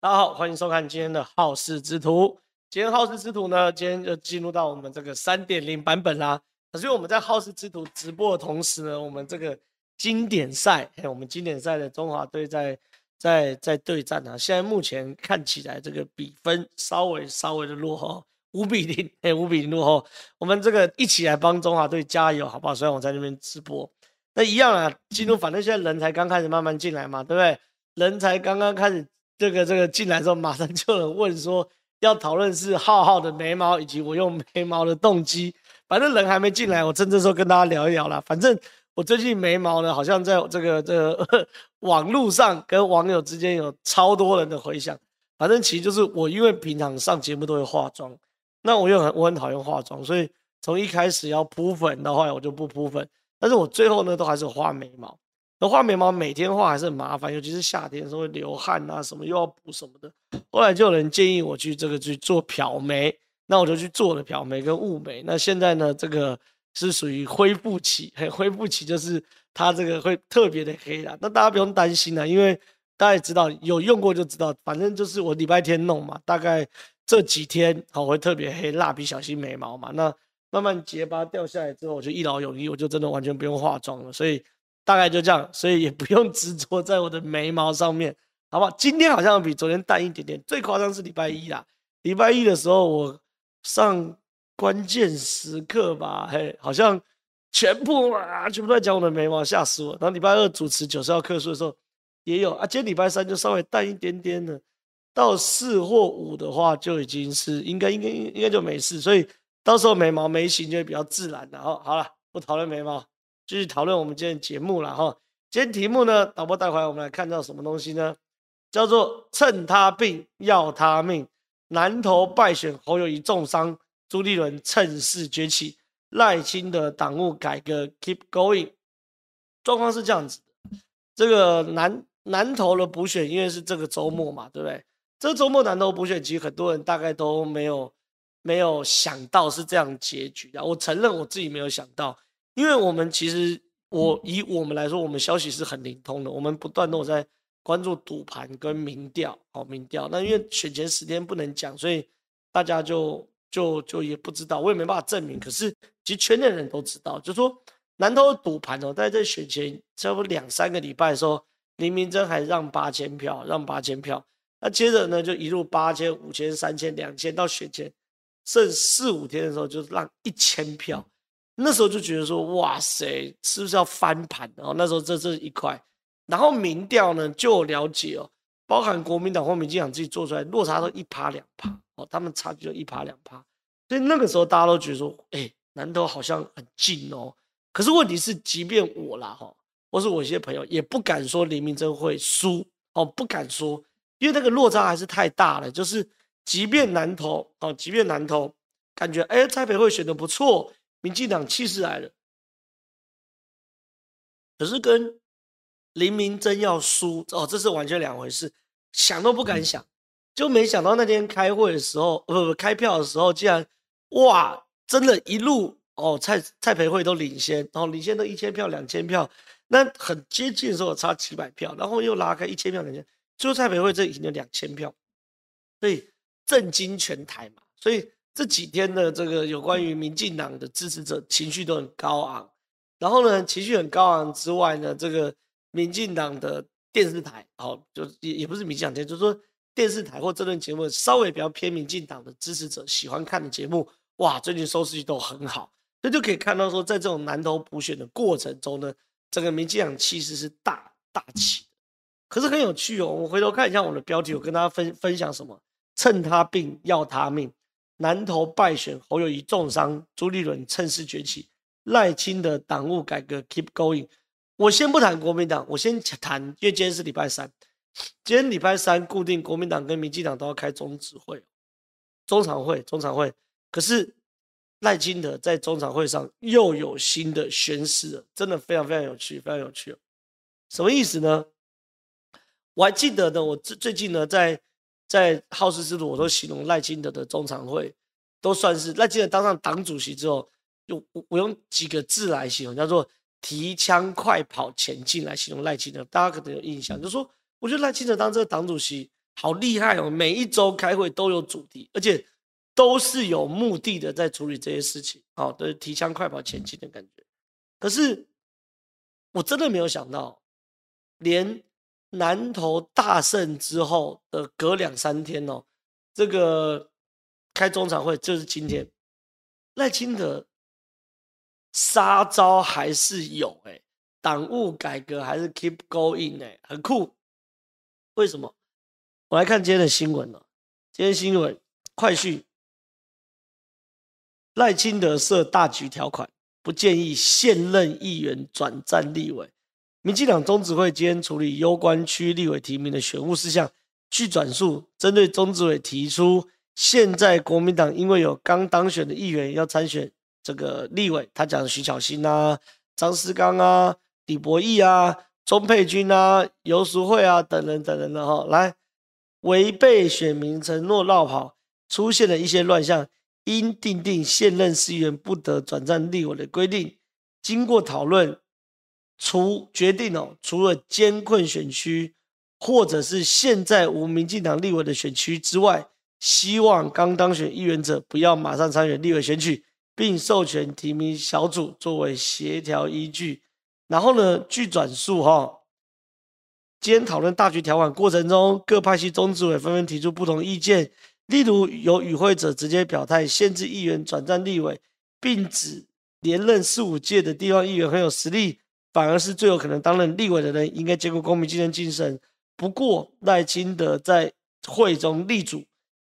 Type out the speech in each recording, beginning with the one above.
大家好，歡迎收看今天的《皓事之徒》。今天《皓事之徒》呢，今天就進入到我們這個三點零版本啦。所以我們在《皓事之徒》直播的同時呢，我們這個經典賽，欸，我們經典賽的中華隊在在在對戰啊。現在目前看起來這個比分稍微稍微的落後，五比零，哎，五比零落後。我們這個一起來幫中華隊加油，好不好？所以我在那邊直播。那一樣啊，進入，反正現在人才剛開始慢慢進來嘛，對不對？人才剛剛開始。這個這個進來之後，馬上就有人問說要討論是皓皓的眉毛，以及我用眉毛的動機。反正人還沒進來，我趁這時候跟大家聊一聊啦。反正我最近眉毛呢，好像在我這個這個網絡上跟網友之間有超多人的回響。反正其實就是我，因為平常上節目都會化妝，那我又很我很討厭化妝，所以從一開始要鋪粉的話，我就不鋪粉。但是我最後呢，都還是畫眉毛。那畫眉毛每天畫還是很麻煩，尤其是夏天的時候會流汗啊，什麼又要補什麼的。後來就有人建議我去這個去做漂眉，那我就去做了漂眉跟霧眉。那現在呢，這個是屬於恢復期，嘿，恢復期就是它這個會特別的黑啦。那大家不用擔心啦，因為大家也知道有用過就知道。反正就是我禮拜天弄嘛，大概這幾天好會特別黑，蠟筆小新眉毛嘛。那慢慢結疤掉下來之後，我就一勞永逸，我就真的完全不用化妝了，所以。大概就這樣，所以也不用執着在我的眉毛上面，好吧？今天好像比昨天淡一點點。最誇張是禮拜一啦，禮拜一的時候我上關鍵時刻吧，嘿，好像全部啊，全部都在講我的眉毛，嚇死我。然後禮拜二主持九四要客訴的時候也有啊，今天禮拜三就稍微淡一點點了。到四或五的話就已經是應該應該應該就沒事，所以到時候眉毛眉形就會比較自然了。哦。好了，不討論眉毛。繼續討論我們今天節目了哈，今天題目呢，導播帶回來我們來看到什麼東西呢？叫做趁他病要他命，南投敗選侯友宜重傷，朱立倫趁勢崛起，賴清德黨務改革 keep going。狀況是這樣子的，這個南南投的補選因為是這個週末嘛，對不對？這週末南投補選其實很多人大概都沒有沒有想到是這樣結局的，我承認我自己沒有想到。因為我們其實我，我以我們來說，我們消息是很靈通的，我們不斷地在關注賭盤跟民調，好、哦、民調。那因為選前十天不能講，所以大家就就就也不知道，我也沒辦法證明。可是其實圈內人都知道，就說南投的賭盤哦，大家在選前差不多兩三個禮拜的時候，林明溱還讓八千票，讓八千票。那接着呢，就一路八千、五千、三千、兩千，到選前剩四五天的時候，就讓一千票。那時候就覺得說，哇塞，是不是要翻盤？哦，那時候這這是一塊，然後民調呢，就了解哦，包含國民黨和民進黨自己做出來落差都一趴兩趴，哦，他們差距就一趴兩趴，所以那個時候大家都覺得說，誒、欸、南投好像很近哦，可是問題是，即便我啦、哦，哈，或是我一些朋友也不敢說林明溱會輸，哦，不敢說，因為那個落差還是太大了，就是即便南投，哦，即便南投，感覺誒、欸、蔡培慧選得不錯。民進黨氣勢來了，可是跟林明溱要輸哦，這是完全兩回事，想都不敢想，就沒想到那天開會的時候，不、呃、不開票的時候，竟然哇，真的，一路哦，蔡蔡培慧都領先，哦，領先都一千票、兩千票，那很接近的時候差幾百票，然後又拉開一千票、兩千，最後蔡培慧這已經兩千票，所以震驚全台嘛，所以。這幾天的這個有關於民進黨的支持者情緒都很高昂，然後呢，情緒很高昂之外呢，這個民進黨的電視台，哦，就也也不是民進黨電視，就說電視台或這段節目稍微比較偏民進黨的支持者喜歡看的節目，哇，最近收視率都很好，所以就可以看到說，在這種南投補選的過程中呢，整個民進黨氣勢是大大起，可是很有趣哦，我回頭看一下我的標題，我跟大家分,分享什麼，趁他病要他命。南投敗選，侯友宜重傷，朱立倫趁勢崛起。賴清德黨務改革，keep going。我先不談國民黨，我先談，因為今天是禮拜三，今天禮拜三固定國民黨跟民進黨都要開中執會、中常會、中常會。可是賴清德在中常會上又有新的宣示，真的非常非常有趣，非常有趣。什麼意思呢？我還記得呢，我最最近呢在。在皓事之徒，我都形容賴清德的中常會，都算是賴清德當上黨主席之後，用我用幾個字來形容，叫做提槍快跑前進，來形容賴清德。大家可能有印象，就是說，我覺得賴清德當這個黨主席好厲害哦，每一周開會都有主題，而且都是有目的的在處理這些事情，哦，都是提槍快跑前進的感覺。可是我真的沒有想到，連。南投大勝之後的隔兩三天哦，這個開中常會就是今天，賴清德殺招還是有誒、欸，黨務改革還是 keep going 哎、欸，很酷。為什麼？我來看今天的新聞哦，今天新聞快訊：賴清德設大局條款，不建議現任議員轉戰立委。民進黨中執會今天處理攸關區立委提名的選務事項，據轉述，針對中執委提出，現在國民黨因為有剛當選的議員要參選這個立委，他講徐巧芯啊、張斯綱啊、李柏毅啊、鍾沛君啊、游淑慧啊等人等等等的哈，來違背選民承諾落跑，出現了一些亂象，應訂定，定現任議員不得轉戰立委的規定，經過討論。除決定哦，除了艱困選區，或者是現在無民進黨立委的選區之外，希望剛當選議員者不要馬上參選立委選舉，並授權提名小組作為協調依據。然後呢，據轉述哈、哦，今天討論大局條款過程中，各派系中執委紛紛提出不同意見，例如有與會者直接表態限制議員轉戰立委，並指連任四五屆的地方議員很有實力。反而是最有可能擔任立委的人，應該兼顧公平競爭精神。不過賴清德在會中力主，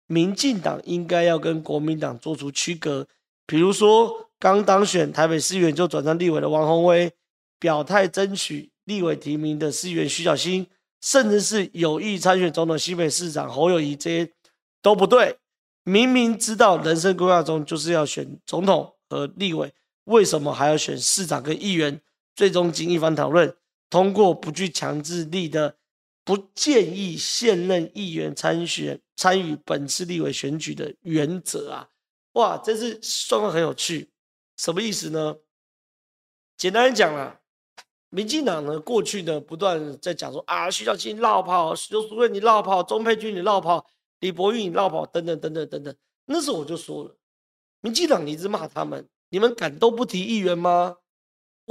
民進黨應該要跟國民黨做出區隔，比如說剛當選台北市議員就轉戰立委的王鴻薇，表態爭取立委提名的市議員徐巧芯，甚至是有意參選總統、新北市長侯友宜，這些都不對。明明知道人生規劃中就是要選總統和立委，為什麼還要選市長跟議員？最終經一番討論，通過不具強制力的不建議現任議員參選參與本次立委選舉的原則啊！哇，這次算話很有趣，什麼意思呢？簡單講啦、啊，民進黨呢過去呢不斷在講說啊，徐巧芯你落跑，游淑慧你落跑，鍾沛君你落跑，李博韻你落跑，等等等等等等。那時候我就說了，民進黨你一直罵他們，你們敢都不提議員嗎？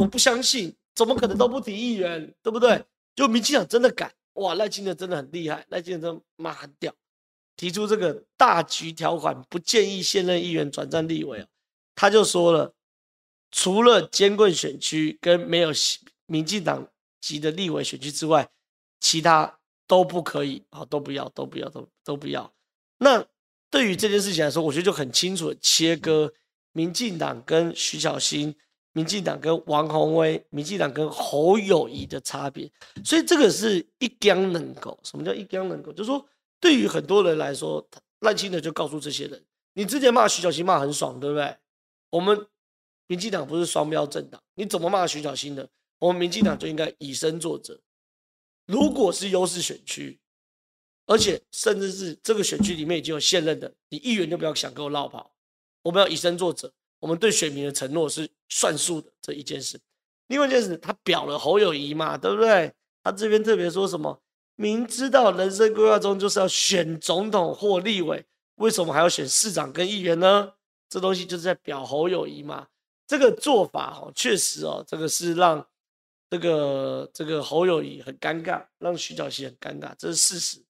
我不相信，怎麼可能都不提議員？對不對？就民進黨真的敢哇！賴清德真的很厲害，賴清德真媽很屌，提出這個大局條款，不建議現任議員轉戰立委，他就說了，除了艱困選區跟沒有民進黨籍的立委選區之外，其他都不可以啊，都不要，都不要，都都不要。那對於這件事情來說，我覺得就很清楚的切割民進黨跟徐巧芯。民進黨跟王鴻薇，民進黨跟侯友宜的差別，所以這個是一江能夠，什麼叫一江能夠，就說對於很多人來說，賴清德就告訴這些人：你之前罵徐巧芯罵很爽，對不對？我們民進黨不是雙標政黨，你怎麼罵徐巧芯的，我們民進黨就應該以身作則。如果是優勢選區，而且甚至是這個選區裡面已經有現任的，你議員就不要想跟我落跑，我們要以身作則。我們對選民的承諾是算數的這一件事，另外一件事，他表了侯友宜嘛，對不對？他這邊特別說什麼，明知道人生規劃中就是要選總統或立委，為什麼還要選市長跟議員呢？這東西就是在表侯友宜嘛。這個做法哦，確實哦，這個是讓這個這個侯友宜很尷尬，讓徐巧芯很尷尬，這是事實。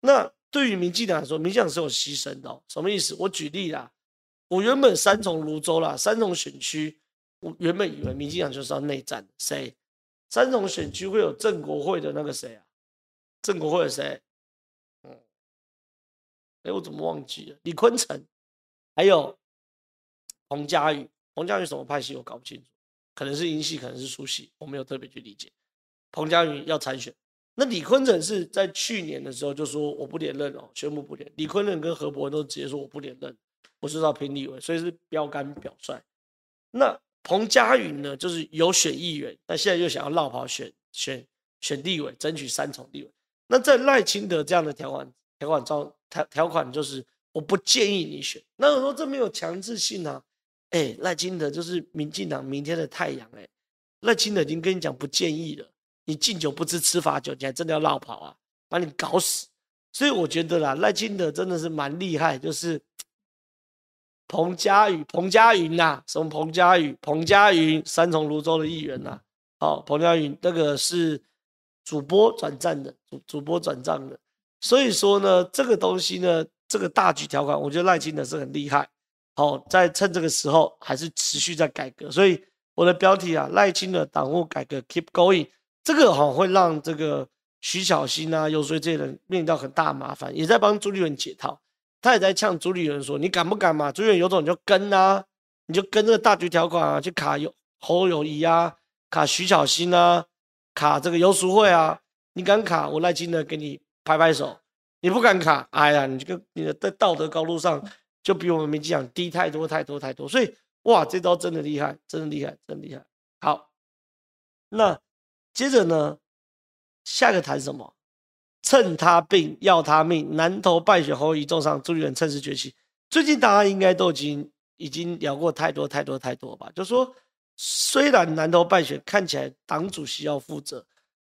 那對於民進黨來說，民進黨是有犧牲的哦，什麼意思？我舉例啦。我原本三重、蘆洲啦，三重選區，我原本以為民進黨就是要內戰的。誰？三重選區會有正國會的那個誰啊？正國會的誰？嗯，哎、欸，我怎麼忘記了？李坤城，還有彭佳宇，彭佳宇什麼派系？我搞不清楚，可能是英系，可能是蘇系，我沒有特別去理解。彭佳宇要參選。那李坤城是在去年的時候就說我不連任哦，宣布不連。李坤城跟何博文都直接說我不連任。不是到拼立委，所以是標杆表率。那彭佳雲呢，就是有選議員，但現在又想要落跑選選選立委，爭取三重立委。那在賴清德這樣的條款條款狀條條款，款款就是我不建議你選。那我說這沒有強制性啊。哎、欸，賴清德就是民進黨明天的太陽、欸。哎，賴清德已經跟你講不建議了，你敬酒不吃吃罰酒，你還真的要落跑啊，把你搞死。所以我覺得啦，賴清德真的是蠻厲害，就是。彭佳宇、彭佳雲吶，什麼彭佳宇、彭佳雲，三重蘆洲的議員吶、啊。哦，彭佳雲這個是主播轉戰的，主主播轉賬的。所以說呢，這個東西呢，這個大局條款，我覺得賴清德是很厲害。好、哦，在趁這個時候還是持續在改革。所以我的標題啊，賴清德黨務改革 Keep Going，這個哈、哦、會讓這個徐巧芯啊、遊說這些人面臨到很大麻煩，也在幫朱立倫解套。他也在嗆朱立倫說：“你敢不敢嘛？朱立倫有種你就跟啊，你就跟這個大局條款啊，去卡有侯友宜啊，卡徐巧芯啊，卡這個游淑慧啊，你敢卡，我賴清德給你拍拍手；你不敢卡，哎呀，你這個你的在道德高度上就比我們民進黨低太多太多太多。所以，哇，這招真的厲害，真的厲害，真厲害。好，那接着呢，下一個談什麼？”趁他病，要他命！南投敗選侯友宜重傷，朱立倫趁勢崛起。最近大家應該都已經已經聊過太多太多太多吧？就說雖然南投敗選看起來黨主席要負責，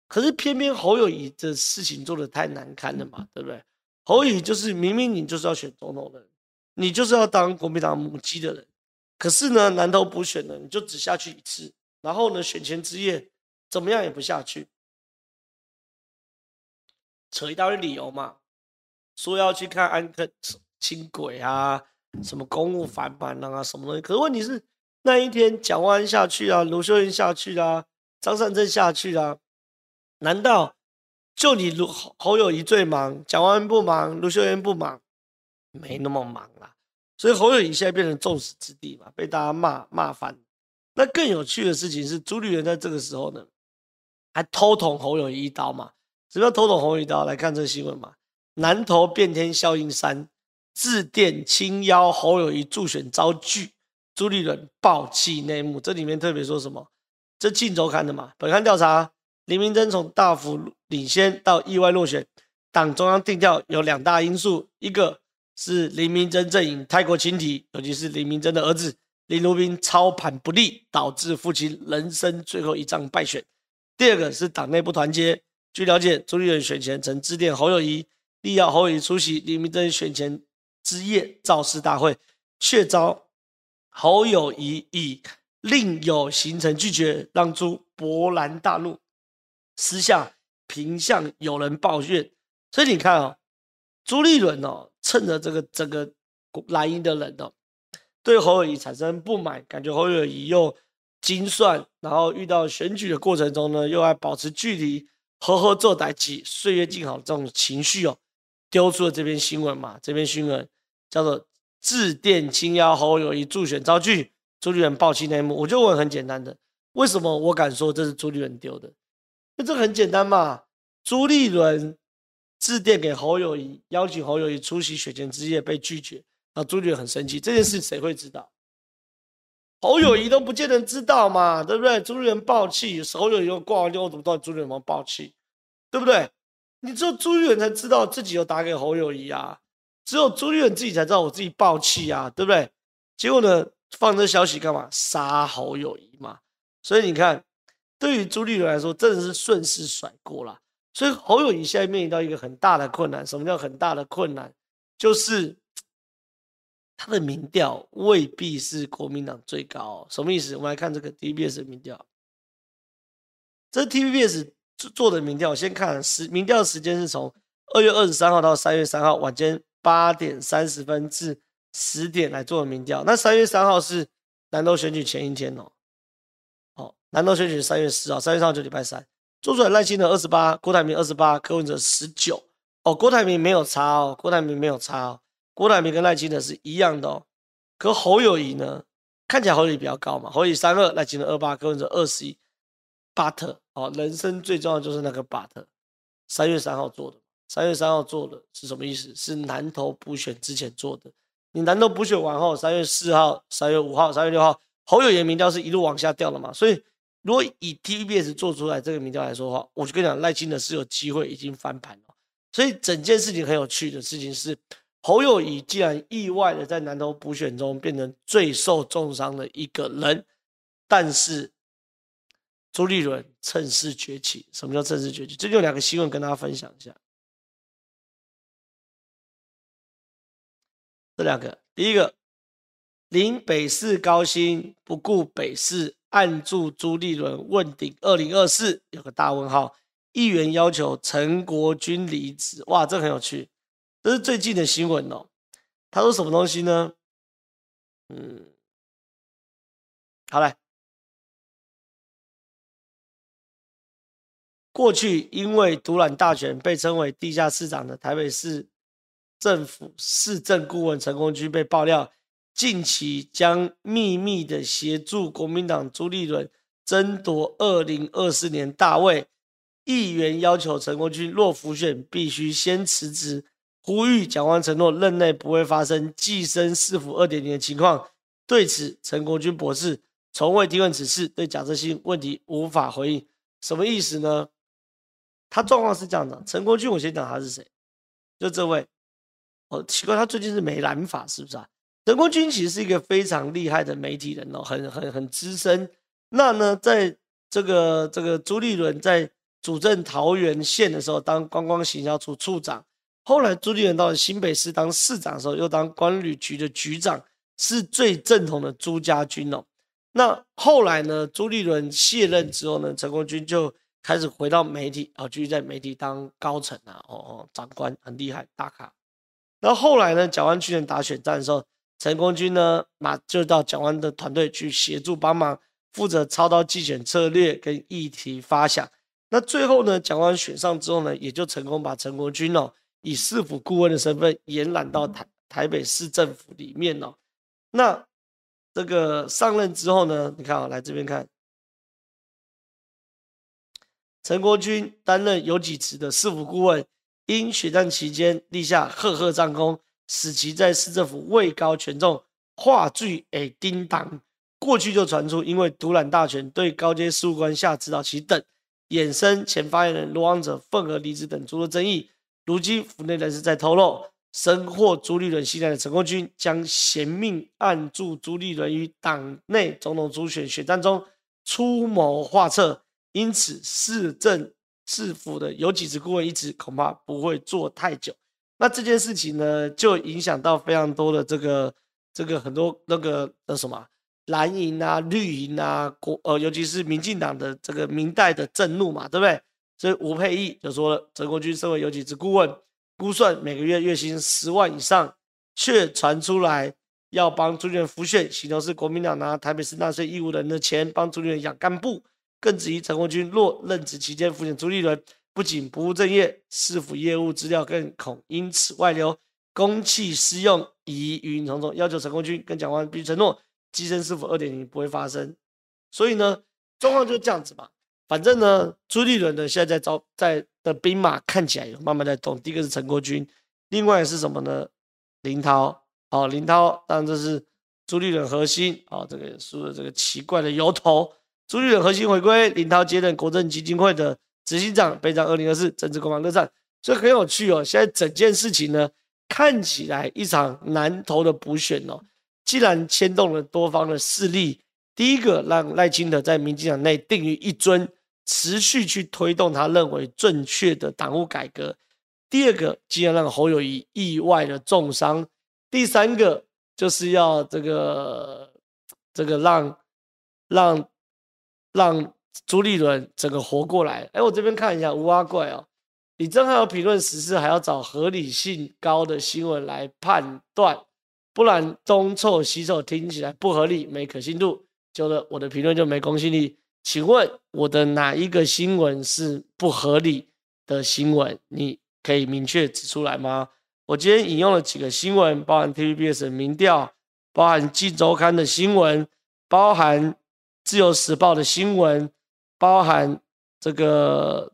可是偏偏侯友宜的事情做的太難堪了嘛，對不對？侯友宜就是明明你就是要選總統的人，你就是要當國民黨母雞的人，可是呢，南投補選呢，你就只下去一次，然後呢，選前之夜怎麼樣也不下去。扯一大堆理由嘛，說要去看安坑輕軌啊，什麼公務繁忙啊，什麼東西？可是問題是，那一天蔣萬安下去啊，盧秀燕下去啊，張善政下去啊，難道就你盧侯友宜最忙？蔣萬安不忙，盧秀燕不忙，沒那麼忙啊。所以侯友宜現在變成眾矢之的嘛，被大家罵罵翻。那更有趣的事情是，朱立倫在這個時候呢，還偷捅侯友宜一刀嘛。只要偷懂紅雨刀來看這個新聞嘛，南投變天效應三，致電親邀侯友宜助選遭拒，朱立倫爆氣內幕。這裡面特別說什麼？這《鏡週刊》的嘛，本刊調查，林明溱從大幅領先到意外落選，黨中央定調有兩大因素，一個是林明溱陣營太過輕敵，尤其是林明溱的兒子林如賓操盤不力，導致父親人生最後一仗敗選；第二個是黨內不團結。據了解，朱立倫選前曾致電侯友宜，力邀侯友宜出席林明溱選前之夜造勢大會，卻遭侯友宜以，以另有行程拒絕，讓朱勃然大怒，私下頻向友人抱怨。所以你看啊、哦，朱立倫哦，趁着這個這個藍營的人哦，對侯友宜產生不滿，感覺侯友宜又精算，然後遇到選舉的過程中呢，又愛保持距離。和和坐在一起，歲月靜好這種情緒哦，丟出了這篇新聞嘛。這篇新聞叫做“致電請邀侯友宜助選遭拒，朱立倫爆氣內幕”。我就問很簡單的，為什麼我敢說這是朱立倫丟的？那這個很簡單嘛，朱立倫致電給侯友宜，邀請侯友宜出席選前之夜，被拒絕啊。然後朱立倫很生氣，這件事誰會知道？侯友宜都不見得知道嘛，對不對？朱立倫爆氣，侯友宜又掛完電話怎麼到朱立倫旁邊爆氣，對不對？你只有朱立倫才知道自己有打給侯友宜啊，只有朱立倫自己才知道我自己爆氣啊，對不對？結果呢，放這消息幹嘛？殺侯友宜嘛。所以你看，對於朱立倫來說，真的是順勢甩鍋了。所以侯友宜現在面臨到一個很大的困難，什麼叫很大的困難？就是。他的民調未必是國民黨最高、哦，什麼意思？我們來看這個 TVBS 民調，這 TVBS 做做的民調，我先看民時民調的時間是從二月二十三號到三月三號晚間八點三十分至十點來做的民調。那三月三號是南投選舉前一天哦，哦，南投選舉三月四號，三月三號就禮拜三做出來。賴清德二十八，郭台銘二十八，柯文哲十九。哦，郭台銘沒有差哦，郭台銘沒有差哦。郭台銘跟賴清德是一樣的哦，可侯友宜呢，看起來侯友宜比較高嘛，侯友宜三二，賴清德二八，柯文哲二十一巴特。哦，人生最重要就是那個巴特。三月三號做的，三月三號做的是什麼意思？是南投補選之前做的。你南投補選完後，三月四號、三月五號、三月六號，侯友宜的民調是一路往下掉的嘛。所以，如果以 TVBS 做出來這個民調來說的話，我就跟你講，賴清德是有機會已經翻盤了。所以，整件事情很有趣的事情是。侯友宜竟然意外的在南投補選中變成最受重傷的一個人，但是朱立倫趁勢崛起。什麼叫趁勢崛起？這就兩個新聞跟大家分享一下。這兩個，第一個，領北市高薪不顧北市，暗助朱立倫問鼎二零二四，2024, 有個大問號。議員要求陳國軍離職，哇，這個很有趣。這是最近的新聞哦，他說什麼東西呢？嗯，好來，過去因為獨攬大權，被稱為地下市長的台北市政府市政顧問陳功軍被爆料，近期將秘密的協助國民黨朱立倫爭奪二零二四年大位。議員要求陳功軍若輔選，必須先辭職。呼籲，蔣萬安承諾任內不會發生寄生市府二點零的情況。對此，陳國軍博士從未提問此事，對假設性問題無法回應，什麼意思呢？他狀況是這樣的：陳國軍，我先講他是誰，就這位、哦。奇怪，他最近是沒染髮是不是啊？陳國軍其實是一個非常厲害的媒體人哦，很很很資深。那呢，在這個這個朱立倫在主政桃園縣的時候，當觀光行銷處處長，後來朱立倫到了新北市當市長的時候，又當觀旅局的局長，是最正統的朱家軍哦。那後來呢，朱立倫卸任之後呢，陳國君就開始回到媒體啊，繼續在媒體當高層啊，哦哦，長官很厲害大咖。那後，後來呢，蔣萬安去年打選戰的時候，陳國君呢，嘛就到蔣萬安的團隊去協助幫忙，負責操刀競選策略跟議題發想。那最後呢，蔣萬安選上之後呢，也就成功把陳國君哦。以市府顧問的身份延攬到台台北市政府裡面哦，那這個上任之後呢，你看啊、哦，來這邊看，陳國軍擔任有給職的市府顧問，因血戰期間立下赫赫戰功，使其在市政府位高權重，話最誒叮噹。過去就傳出因為獨攬大權，對高階事務官下指導棋等，衍生前發言人羅旺哲憤而離職等諸多爭議。如今府內人士在透露，深獲朱立倫信賴的陳功軍將銜命暗助朱立倫，於黨內總統初選選戰中出謀劃策。因此，市政、市府的有幾職顧問，一職恐怕不會做太久。那這件事情呢，就影響到非常多的這個、這個很多那個、那什麼藍營啊、綠營啊，國呃，尤其是民進黨的這個民代的震怒嘛，對不對？所以吳沛憶就說了，陳國軍身為有給職顧問，估算每個月月薪十萬以上，卻傳出來要幫朱立倫輔選，形容是國民黨拿台北市納稅義務的人的錢幫朱立倫養幹部。更質疑陳國軍若任職期間輔選朱立倫，不僅不務正業，市府業務資料更恐因此外流，公器私用疑雲重重，要求陳國軍跟蔣萬安必須承諾，機身私輔二點零不會發生。所以呢，狀況就是這樣子吧。反正呢，朱立倫呢現在在招在的兵馬看起來有慢慢在動。第一個是陳國軍，另外是什麼呢？林濤，哦，林濤，當然這是朱立倫核心，哦，這個說的這個奇怪的由頭。朱立倫核心回歸，林濤接任國政基金會的執行長，備戰二零二四政治攻防熱戰，所以很有趣哦。現在整件事情呢，看起來一場南投的補選哦，既然牽動了多方的勢力，第一個讓賴清德在民進黨內定於一尊，持續去推動他認為正確的黨務改革。第二個，既然讓侯友宜意外的重傷。第三個，就是要這個這個讓讓讓朱立倫整個活過來。哎，我這邊看一下，無啊怪哦，你正好有評論時事，還要找合理性高的新聞來判斷，不然東湊西湊聽起來不合理，沒可信度，就是我的評論就沒公信力。請問我的哪一個新聞是不合理的新聞？你可以明確指出來嗎？我今天引用了幾個新聞，包含 TVBS 的民調，包含《今周刊》的新聞，包含《自由時報》的新聞，包含這個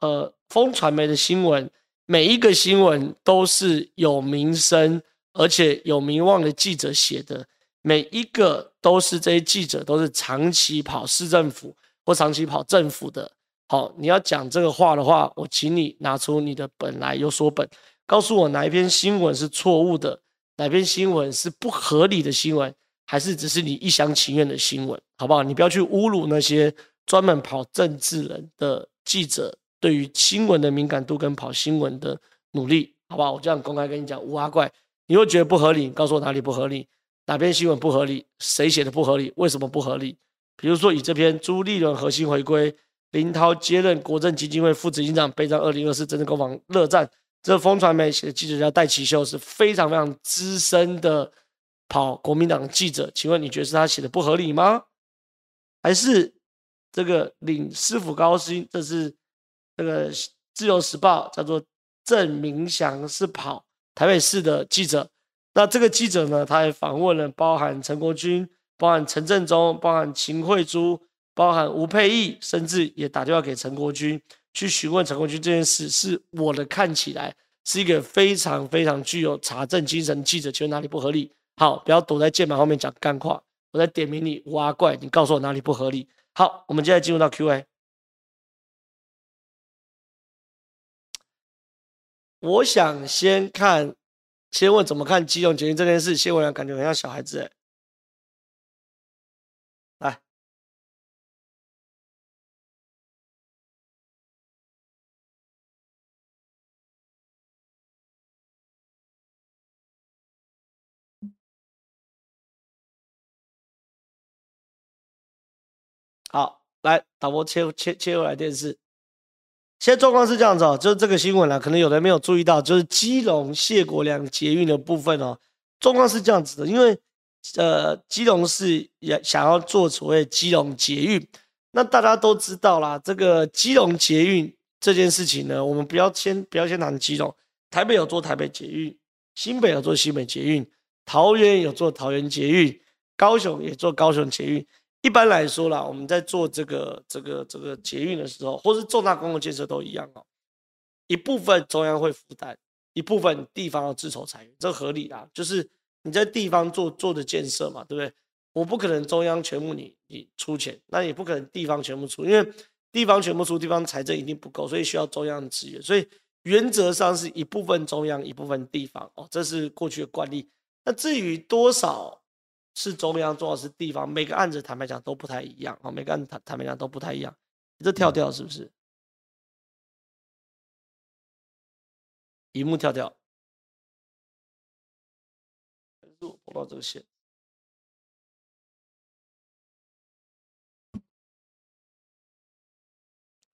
呃風傳媒的新聞。每一個新聞都是有名聲而且有名望的記者寫的。每一個都是這些記者都是長期跑市政府或長期跑政府的，好，你要講這個話的話，我請你拿出你的本來有所本，告訴我哪一篇新聞是錯誤的，哪篇新聞是不合理的新聞，還是只是你一廂情願的新聞，好不好？你不要去侮辱那些專門跑政治人的記者對於新聞的敏感度跟跑新聞的努力，好不好？我這樣公開跟你講，烏鴉怪，你會覺得不合理，你告訴我哪裡不合理？哪篇新聞不合理？誰寫的不合理？為什麼不合理？比如說，以這篇朱立倫核心回歸，林濤接任國政基金會副執行長，備戰二零二四政治攻防熱戰，這風傳媒寫的記者叫戴奇秀，是非常非常資深的跑國民黨記者。請問你覺得是他寫的不合理嗎？還是這個領師傅高薪？這是那個自由時報，叫做鄭明祥，是跑台北市的記者。那這個記者呢？他還訪問了，包含陳國軍，包含陳振中，包含秦慧珠，包含吳佩義，甚至也打電話給陳國軍去詢問陳國軍這件事。是我的看起來是一個非常非常具有查證精神的記者，覺得哪裡不合理？好，不要躲在鍵盤後面講幹話，我在點名你哇，怪，你告訴我哪裡不合理？好，我們接下來進入到 Q&A。我想先看。先問怎麼看基隆捷運這件事，先問揚感覺很像小孩子哎、欸。來，好，來，導播切切切回來電視。現在狀況是這樣子哦、喔，就是這個新聞啊，可能有人沒有注意到，就是基隆謝國樑捷運的部分哦、喔，狀況是這樣子的，因為呃基隆市也想要做所謂基隆捷運，那大家都知道啦，這個基隆捷運這件事情呢，我們不要先不要先談基隆，台北有做台北捷運，新北有做新北捷運，桃園有做桃園捷運，高雄也做高雄捷運。一般來說啦，我們在做這個、這個、這個捷運的時候，或是重大公共建設都一樣哦、喔。一部分中央會負擔，一部分地方要自籌財源，這合理啊，就是你在地方做做的建設嘛，對不對？我不可能中央全部你你出錢，那也不可能地方全部出，因為地方全部出，地方財政一定不夠，所以需要中央的支援。所以原則上是一部分中央，一部分地方哦、喔，這是過去的慣例。那至於多少？是中央做的是地方？每個案子坦白講都不太一樣啊，每個案子坦坦白講都不太一樣。這跳跳是不是？螢幕跳跳。我把這個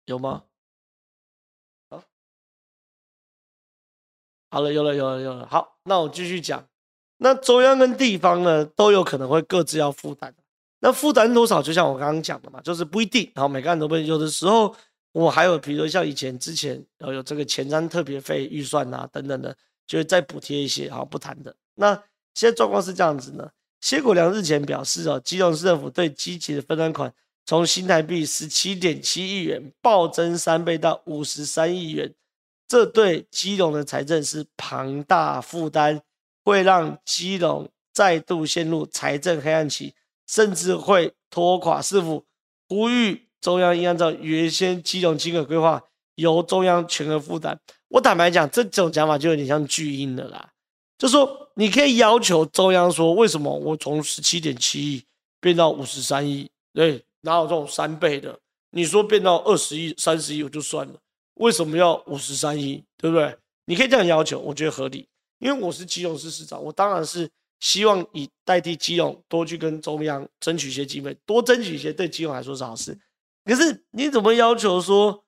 有嗎？好，好了，有了，有了，有了。好，那我繼續講。那中央跟地方呢，都有可能會各自要負擔。那負擔多少，就像我剛剛講的嘛，就是不一定。好，每個人都不一定。有的時候，我還有，比如像以前之前，然後有這個前瞻特別費預算啊等等的，就會再補貼一些。好，不談的。那現在狀況是這樣子呢。謝國樑日前表示，哦，基隆市政府對基捷的分擔款從新台幣十七點七億元暴增三倍到五十三億元，這對基隆的財政是龐大負擔，會讓基隆再度陷入財政黑暗期，甚至會拖垮市府。呼籲中央應按照原先基隆金額規劃，由中央全額負擔。我坦白講，這種講法就有點像巨嬰了啦。就說你可以要求中央說，為什麼我從十七點七億變到五十三億？對，哪有這種三倍的？你說變到二十億、三十億我就算了，為什麼要五十三億？對不對？你可以這樣要求，我覺得合理。因為我是基隆市市長，我當然是希望以代替基隆多去跟中央爭取一些機會，多爭取一些對基隆來說是好事。可是你怎麼要求說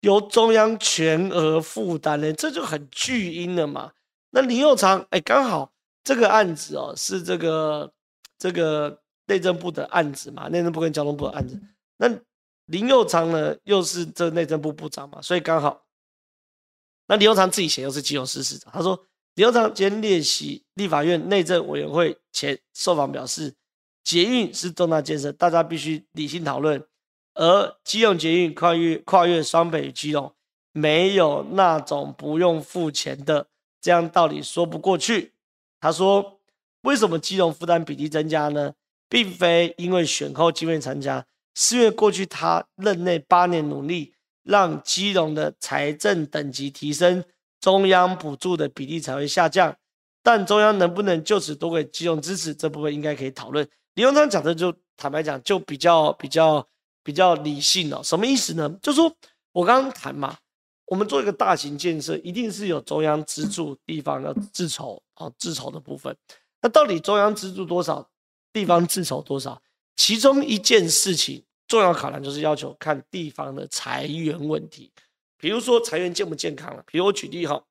由中央全額負擔呢？這就很巨嬰了嘛？那林右昌哎，剛好這個案子哦，是這個這個內政部的案子嘛，內政部跟交通部的案子。那林右昌呢又是這內政部部長嘛，所以剛好那林右昌自己寫又是基隆市市長，他說。劉長堅列席立法院內政委員會前受訪表示，捷運是重大建設，大家必須理性討論。而基隆捷運跨越跨越雙北與基隆，沒有那種不用付錢的，這樣道理說不過去。他說，為什麼基隆負擔比例增加呢？並非因為選後經費增加，是因為過去他任內八年努力，讓基隆的財政等級提升。中央補助的比例才會下降，但中央能不能就此多給金融支持，這部分應該可以討論。李鴻章講的就坦白講就比較比較比較理性了，哦，什麼意思呢？就說我剛剛談嘛，我們做一個大型建設，一定是有中央資助，地方要自籌啊，自籌、哦、自籌的部分。那到底中央資助多少，地方自籌多少？其中一件事情重要考量就是要求看地方的財源問題。比如說財源健不健康了、啊，比如我舉例哈，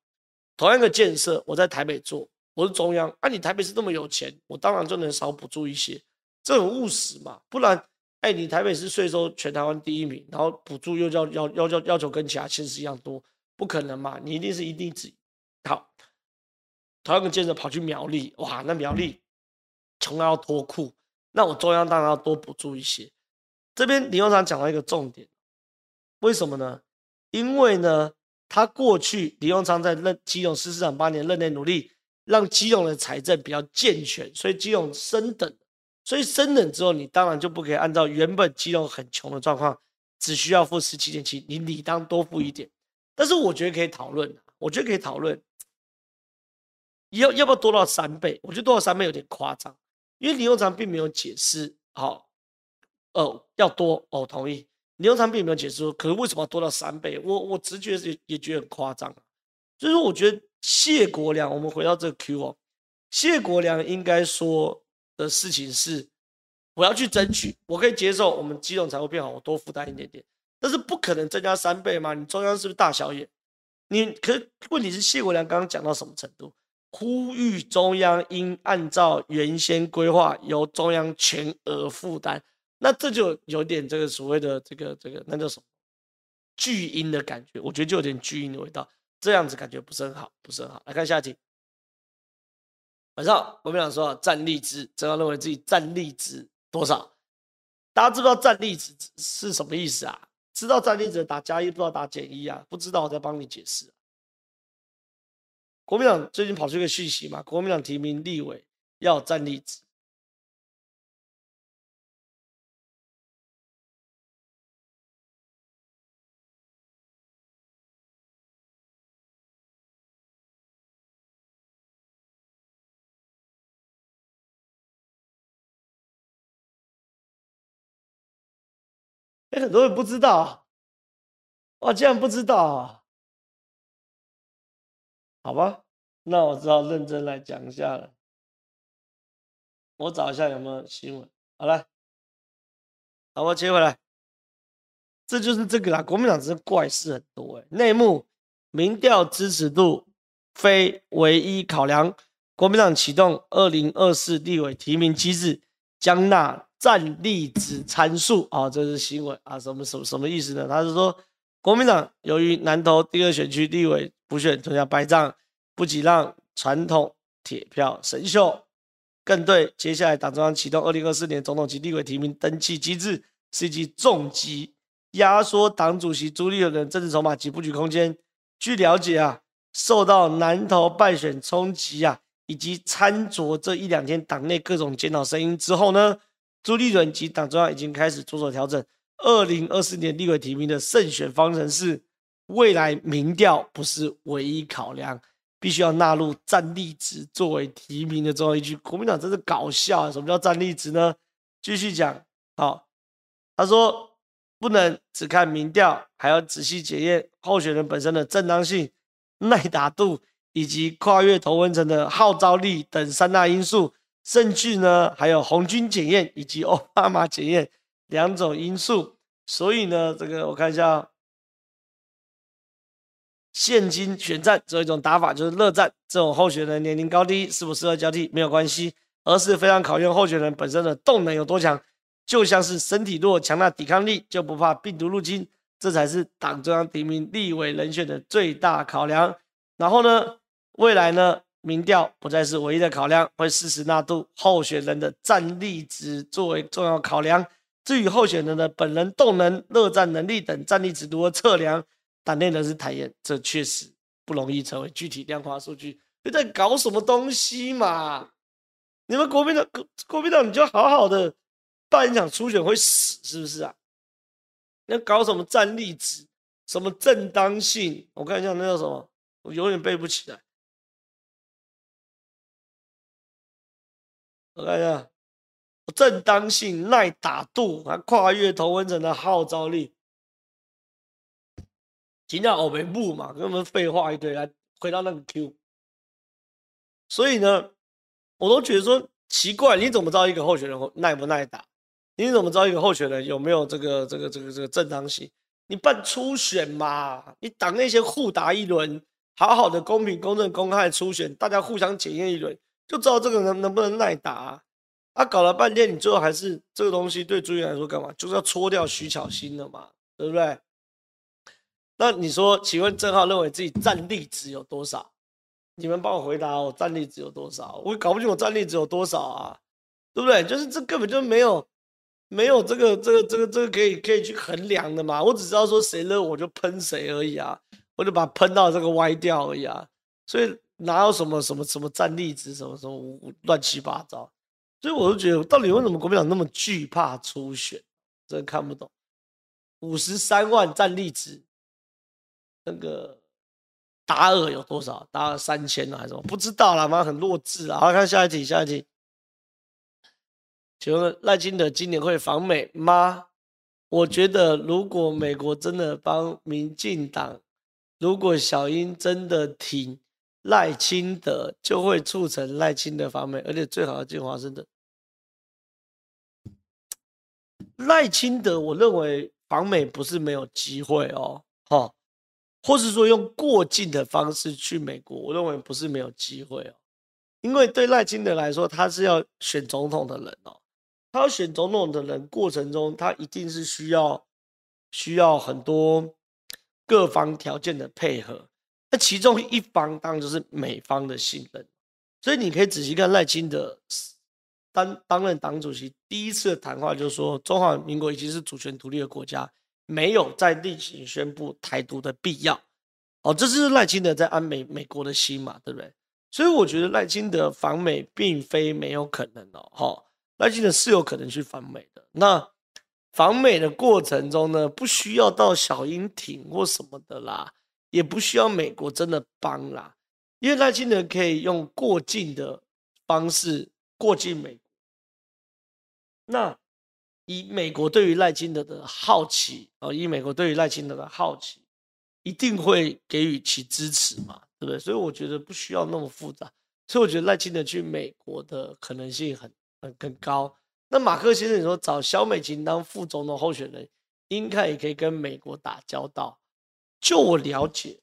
同樣的建設，我在台北做，我是中央，啊，你台北市那麼有錢，我當然就能少補助一些，這很務實嘛，不然，哎、欸，你台北市稅收全台灣第一名，然後補助又要要要要要求跟其他縣市一樣多，不可能嘛，你一定是一定只，好，同樣的建設跑去苗栗，哇，那苗栗窮到要脫褲，那我中央當然要多補助一些，這邊李院長講到一個重點，為什麼呢？因為呢，他過去林右昌在任基隆市市長八年任內努力，讓基隆的財政比較健全，所以基隆升等，所以升等之後，你當然就不可以按照原本基隆很窮的狀況，只需要付十七點七，你理當多付一點。但是我覺得可以討論，我覺得可以討論，要要不要多到三倍？我覺得多到三倍有點誇張，因為林右昌並沒有解釋。好、哦，哦、呃，要多哦，同意。劉產品有沒有解釋說，可是為什麼要多到三倍？我我直覺也也覺得很誇張，就是說我覺得謝國樑，我們回到這個 Q 哦，謝國樑應該說的事情是，我要去爭取，我可以接受我們基隆才會變好，我多負擔一點點，但是不可能增加三倍嗎？你中央是不是大小眼？你可問題是謝國樑剛剛講到什麼程度？呼籲中央應按照原先規劃，由中央全額負擔。那這就有點這個所謂的這個這個那叫什麼？巨嬰的感覺，我覺得就有點巨嬰的味道。這樣子感覺不是很好，不是很好。來看下一題。晚上國民黨說戰力值，怎樣認為自己戰力值多少？大家知不知道戰力值是什麼意思啊？知道戰力值打加一，1, 不知道打減一啊？不知道我再幫你解釋。國民黨最近跑出一個訊息嘛，國民黨提名立委要戰力值。很多人不知道，啊，我竟然不知道，啊。好吧，那我只好認真來講一下了。我找一下有沒有新聞，好了，好，我切回來，這就是這個啦。國民黨真的怪事很多，欸，內幕，民調支持度非唯一考量，國民黨啟動二零二四立委提名機制，江納。戰力子參數啊、哦，這是新聞啊，什麼什麼什麼意思呢？他是說，國民黨由於南投第二選區立委補選吞下敗仗，不僅讓傳統鐵票神秀，更對接下來黨中央啟動二零二四年總統及立委提名登記機制是一記重擊，壓縮黨主席朱立倫的政治籌碼及布局空間。據了解啊，受到南投敗選衝擊啊，以及摻着這一兩天黨內各種檢討聲音之後呢，朱立倫及黨中央已經開始着手調整，二零二四年立委提名的勝選方程式。未來民調不是唯一考量，必須要納入戰力值作為提名的重要依據。國民黨真是搞笑、啊，什麼叫戰力值呢？繼續講，好、哦，他說不能只看民調，還要仔細檢驗候選人本身的正當性、耐打度以及跨越同溫層的號召力等三大因素。甚至呢，還有紅軍檢驗以及奧巴馬檢驗兩種因素，所以呢，這個我看一下、哦，現今選戰，只有一種打法，就是熱戰。這種候選人年齡高低、適不適合交替沒有關係，而是非常考驗候選人本身的動能有多強。就像是身體弱，強大抵抗力，就不怕病毒入侵。這才是黨中央提名立委人選的最大考量。然後呢，未來呢？民調不再是唯一的考量會，會適時納入候選人的戰力值作為重要考量。至於候選人的本人動能、熱戰能力等戰力值如何測量，黨內人士坦言，這確實不容易成為具體量化數據。你在搞什麼東西嘛？你們國民黨，國民黨，你就好好的辦一場初選會死是不是啊？你要搞什麼戰力值、什麼正當性？我看一下那叫什麼，我永遠背不起來。我看一下，正當性、耐打度，還跨越同溫層的號召力，盡量我們不嘛，跟他們廢話一堆，來回到那個 Q。所以呢，我都覺得說奇怪，你怎麼知道一個候選人耐不耐打？你怎麼知道一個候選人有沒有這個這個這個這個正當性？你辦初選嘛，你黨那些互打一輪，好好的公平、公正、公開初選，大家互相檢驗一輪。就知道這個能能不能耐打，啊，他、啊、搞了半天，你最後還是這個東西對朱云來說幹嘛？就是要戳掉徐巧芯的嘛，對不對？那你說，請問正皓認為自己戰力值有多少？你們幫我回答，我戰力值有多少？我搞不清我戰力值有多少啊，對不對？就是這根本就沒有沒有這個這個這個這個可以可以去衡量的嘛。我只知道說誰熱我就噴誰而已啊，我就把噴到這個歪掉而已啊，所以。哪有什麼什麼什麼，什麼戰力值，什麼什麼亂七八糟，所以我就覺得，到底為什麼國民黨那麼懼怕初選，真看不懂。五十三萬戰力值，那個達爾有多少？達爾三千還是什麼？不知道啦，蠻很弱智啊。好，看下一題，下一題，請問賴清德今年會訪美嗎？我覺得如果美國真的幫民進黨，如果小英真的挺，賴清德就會促成賴清德訪美，而且最好進華盛頓。賴清德，我認為訪美不是沒有機會哦，哈，或是說用過境的方式去美國，我認為不是沒有機會哦，因為對賴清德來說，他是要選總統的人哦，他要選總統的人過程中，他一定是需要需要很多各方條件的配合。那其中一方當然就是美方的信任，所以你可以仔細看賴清德擔擔任黨主席第一次談話，就是說中華民國已經是主權獨立的國家，沒有再另行宣布台獨的必要。好，這是賴清德在安美美國的心嘛，對不對？所以我覺得賴清德訪美並非沒有可能哦。好，賴清德是有可能去訪美的。那訪美的過程中呢，不需要到小英艇或什麼的啦。也不需要美國真的幫啦，因為賴清德可以用過境的方式過境美國。那以美國對於賴清德的好奇啊，以美國對於賴清德的好奇，一定會給予其支持嘛，對不對？所以我覺得不需要那麼複雜。所以我覺得賴清德去美國的可能性很很高。那馬克先生，你說找蕭美琴當副總統候選人，應該也可以跟美國打交道。就我了解，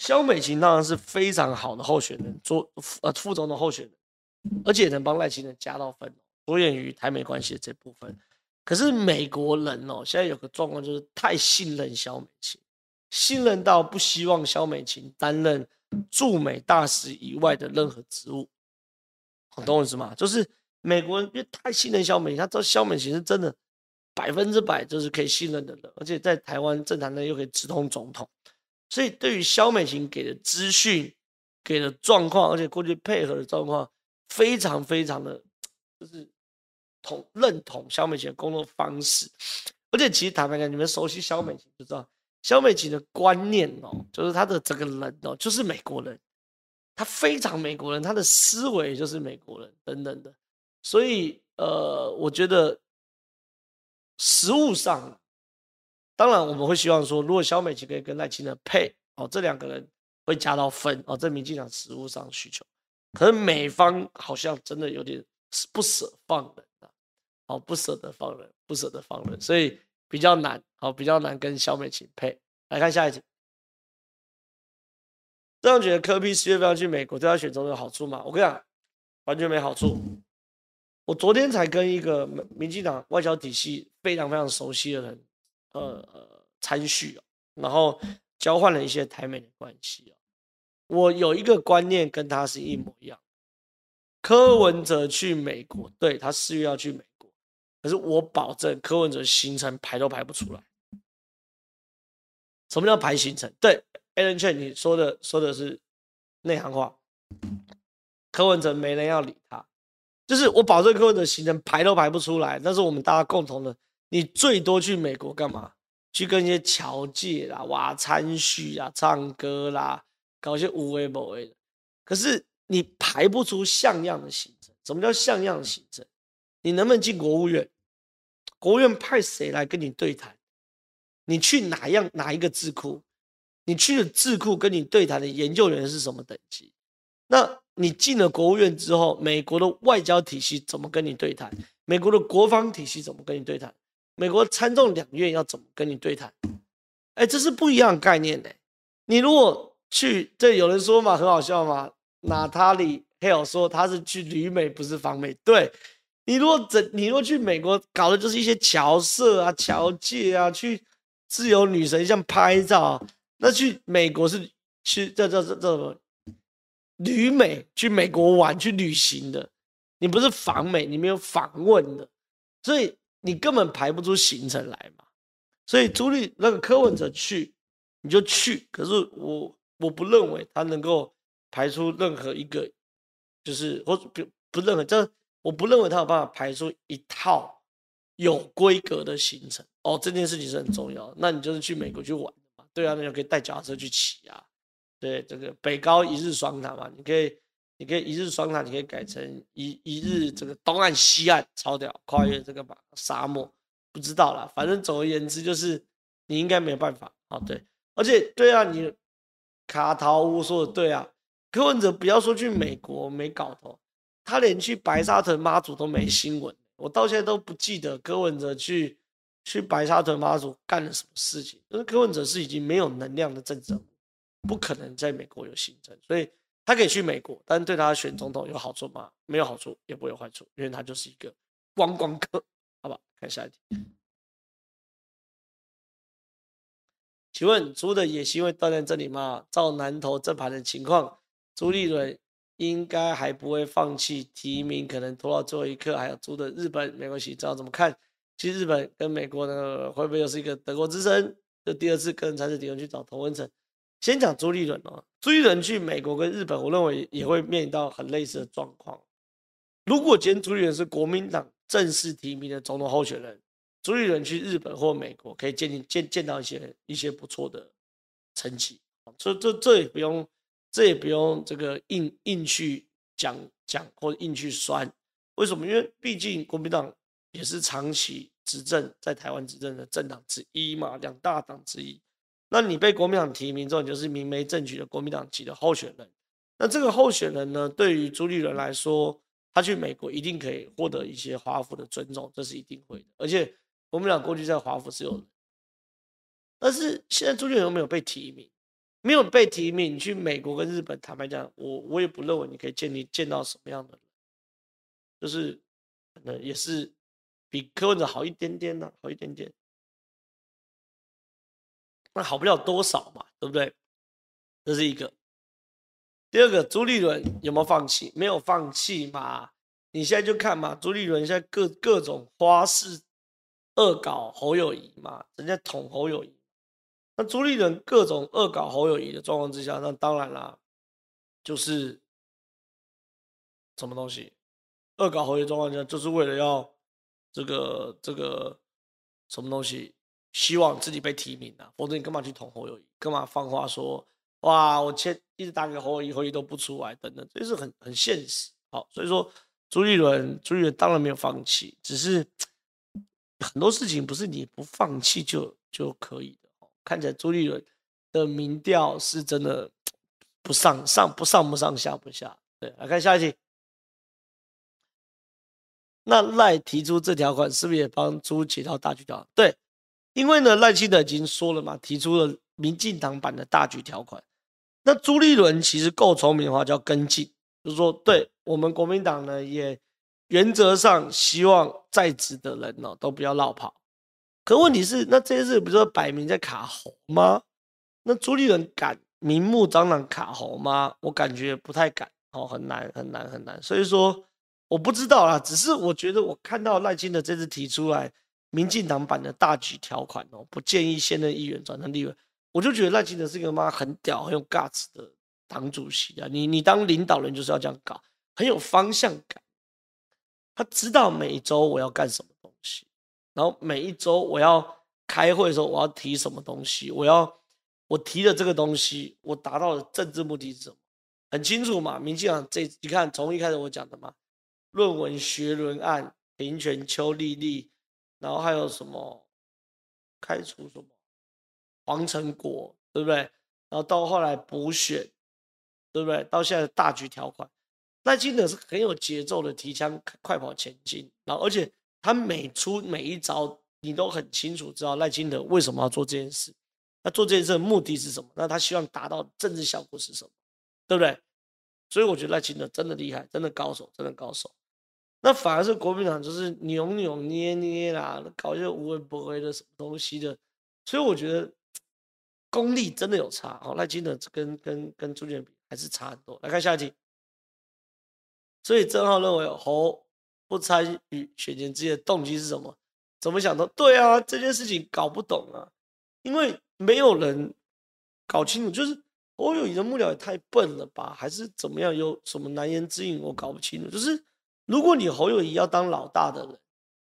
蕭美琴當然是非常好的候選人，做呃副總的候選人，而且也能幫賴清德加到分，着眼於台美關係的這部分。可是美國人哦，現在有個狀況就是太信任蕭美琴，信任到不希望蕭美琴擔任駐美大使以外的任何職務。懂我意思嗎？就是美國人因為太信任蕭美琴，他知道蕭美琴是真的。百分之百就是可以信任的人，而且在台灣政壇內又可以直通總統，所以對於蕭美琴給的資訊、給的狀況，而且過去配合的狀況，非常非常的就是同認同蕭美琴的工作方式，而且其實坦白講，你們熟悉蕭美琴就知道，蕭美琴的觀念哦，就是他的整個人哦，就是美國人，他非常美國人，他的思維就是美國人等等的，所以呃，我覺得。實務上，當然我們會希望說，如果蕭美琴可以跟賴清德配，哦，這兩個人會加到分，哦，這民進黨實務上的需求。可是美方好像真的有點不捨放人，啊，好、哦，不捨得放人，不捨得放人，所以比較難，哦，比較難跟蕭美琴配。來看下一題，這樣覺得柯 P 十月份去美國對他選總統有好處嗎？我跟你講，完全沒好處。我昨天才跟一個民民進黨外交體系非常非常熟悉的人，呃呃餐敘，哦，然後交換了一些台美的關係哦。我有一個觀念跟他是一模一樣，柯文哲去美國，對，他四月要去美國，可是我保證柯文哲行程排都排不出來。什麼叫排行程？對，Alan Chen 你說的說的是內行話，柯文哲沒人要理他。就是我保證各位的行程排都排不出來，那是我們大家共同的。你最多去美國幹嘛？去跟一些僑界啦、挖參虛啊、唱歌啦，搞些無為不為的、的。可是你排不出像樣的行程。什麼叫像樣的行程？你能不能進國務院？國務院派誰來跟你對談？你去哪樣哪一個智庫？你去的智庫跟你對談的研究員是什麼等級？那？你進了國務院之後，美國的外交體系怎麼跟你對談？美國的國防體系怎麼跟你對談？美國參眾兩院要怎麼跟你對談？哎，這是不一樣的概念呢、欸。你如果去，這有人說嘛，很好笑嘛。娜 塔莉佩爾說她是去旅美，不是訪美。對，你如果整，你如果去美國搞的就是一些僑社啊、僑界啊，去自由女神像拍照、啊，那去美國是去叫叫叫叫什麼？旅美，去美國玩去旅行的。你不是訪美，你沒有訪問的，所以你根本排不出行程來嘛。所以朱莉那個柯文哲，去你就去，可是我我不認為他能夠排出任何一個，就是或是不不任何，這我不認為他有辦法排出一套有規格的行程哦。這件事情是很重要的，那你就是去美國去玩嘛，對啊，那就可以帶腳踏車去騎啊。對，這個北高一日雙塔嘛，你可以，你可以一日雙塔，你可以改成一一日這個東岸西岸超屌，跨越這個吧，沙漠，不知道啦，反正總而言之就是，你應該沒有辦法好，哦，對，而且對啊，你卡桃屋說的對啊，柯文哲不要說去美國沒搞頭，他連去白沙屯媽祖都沒新聞，我到現在都不記得柯文哲去去白沙屯媽祖幹了什麼事情。因為柯文哲是已經沒有能量的政客。不可能在美國有行政，所以他可以去美國，但是對他選總統有好處嗎？沒有好處，也不會有壞處，因為他就是一個觀光、光客，好吧？看下一題。嗯、請問朱的野心會斷在這裡嗎？照南投這盤的情況，朱立倫應該還不會放棄提名，可能拖到最後一刻。還有朱的日本沒關係，知道怎麼看？其實日本跟美國呢，會不會又是一個德國之聲？這第二次個人參選，敵人去找投文成。先講朱立倫哦，朱立倫去美國跟日本，我認為也會面臨到很類似的狀況。如果今天朱立倫是國民黨正式提名的總統候選人，朱立倫去日本或美國，可以見見見到一些一些不錯的成績，所以這這也不用，這也不用這個硬硬去講講或者硬去酸。為什麼？因為畢竟國民黨也是長期執政在台灣執政的政黨之一嘛，兩大黨之一。那你被國民黨提名之後，你就是明媒正娶的國民黨籍的候選人。那這個候選人呢，對於朱立倫來說，他去美國一定可以獲得一些華府的尊重，這是一定會的。而且國民黨過去在華府是有，但是現在朱立倫又沒有被提名，沒有被提名，你去美國跟日本，坦白講，我我也不認為你可以見你見到什麼樣的人，就是可能也是比柯文哲好一點點的，啊，好一點點。那好不了多少嘛，對不對？這是一個。第二個，朱立倫有沒有放棄？沒有放棄嘛？你現在就看嘛，朱立倫現在各各種花式惡搞侯友宜嘛，人家捅侯友宜。那朱立倫各種惡搞侯友宜的狀況之下，那當然啦，就是什麼東西？惡搞侯友宜狀況下，就是為了要這個這個什麼東西？希望自己被提名啊，否則你幹嘛去捅侯友宜，幹嘛放話說哇，我簽一直打給侯友宜，侯友宜都不出來等等，這是很很現實。好、哦，所以說朱立倫，朱立倫當然沒有放棄，只是很多事情不是你不放棄就就可以的、哦。看起來朱立倫的民調是真的不上上不上不上下不下。對，來看下一題。那賴提出這條款是不是也幫朱啟到大局長？對。因為呢，賴清德已經說了嘛，提出了民進黨版的大局條款。那朱立倫其實夠聰明的話，就要跟進，就是說，對我們國民黨呢，也原則上希望在職的人呢、哦、都不要落跑。可問題是，那這些事不是擺明在卡侯嗎？那朱立倫敢明目張膽卡侯嗎？我感覺不太敢哦，很難，很難，很難。所以說，我不知道啊，只是我覺得我看到賴清德這次提出來。民進黨版的大舉條款哦，不建議現任議員轉成立委。我就覺得賴清德是一個媽很屌、很有 guts 的黨主席啊！你你當領導人就是要這樣搞，很有方向感。他知道每一周我要幹什麼東西，然後每一周我要開會的時候，我要提什麼東西，我要我提的這個東西，我達到的政治目的是什麼，很清楚嘛。民進黨這你看從一開始我講的嘛，論文學倫案、林權、邱莉莉。然後還有什麼開除什麼黃承國對不對？然後到後來補選對不對？到現在大局條款，賴清德是很有節奏的提槍快跑前進，然後而且他每出每一招，你都很清楚知道賴清德為什麼要做這件事，他做這件事的目的是什麼？那他希望達到政治效果是什麼？對不對？所以我覺得賴清德真的厲害，真的高手，真的高手。那反而是國民黨，就是扭扭捏捏啦，搞一些無微不至的什麼東西的，所以我覺得功力真的有差哦，賴清德跟跟跟朱立倫還是差很多。來看下一題，所以正皓認為侯不參與選前之夜動機是什麼？怎麼想的？對啊，這件事情搞不懂啊，因為沒有人搞清楚，就是侯友宜的幕僚也太笨了吧，還是怎麼樣？有什麼難言之隱，我搞不清楚，就是。如果你侯友宜要當老大的人，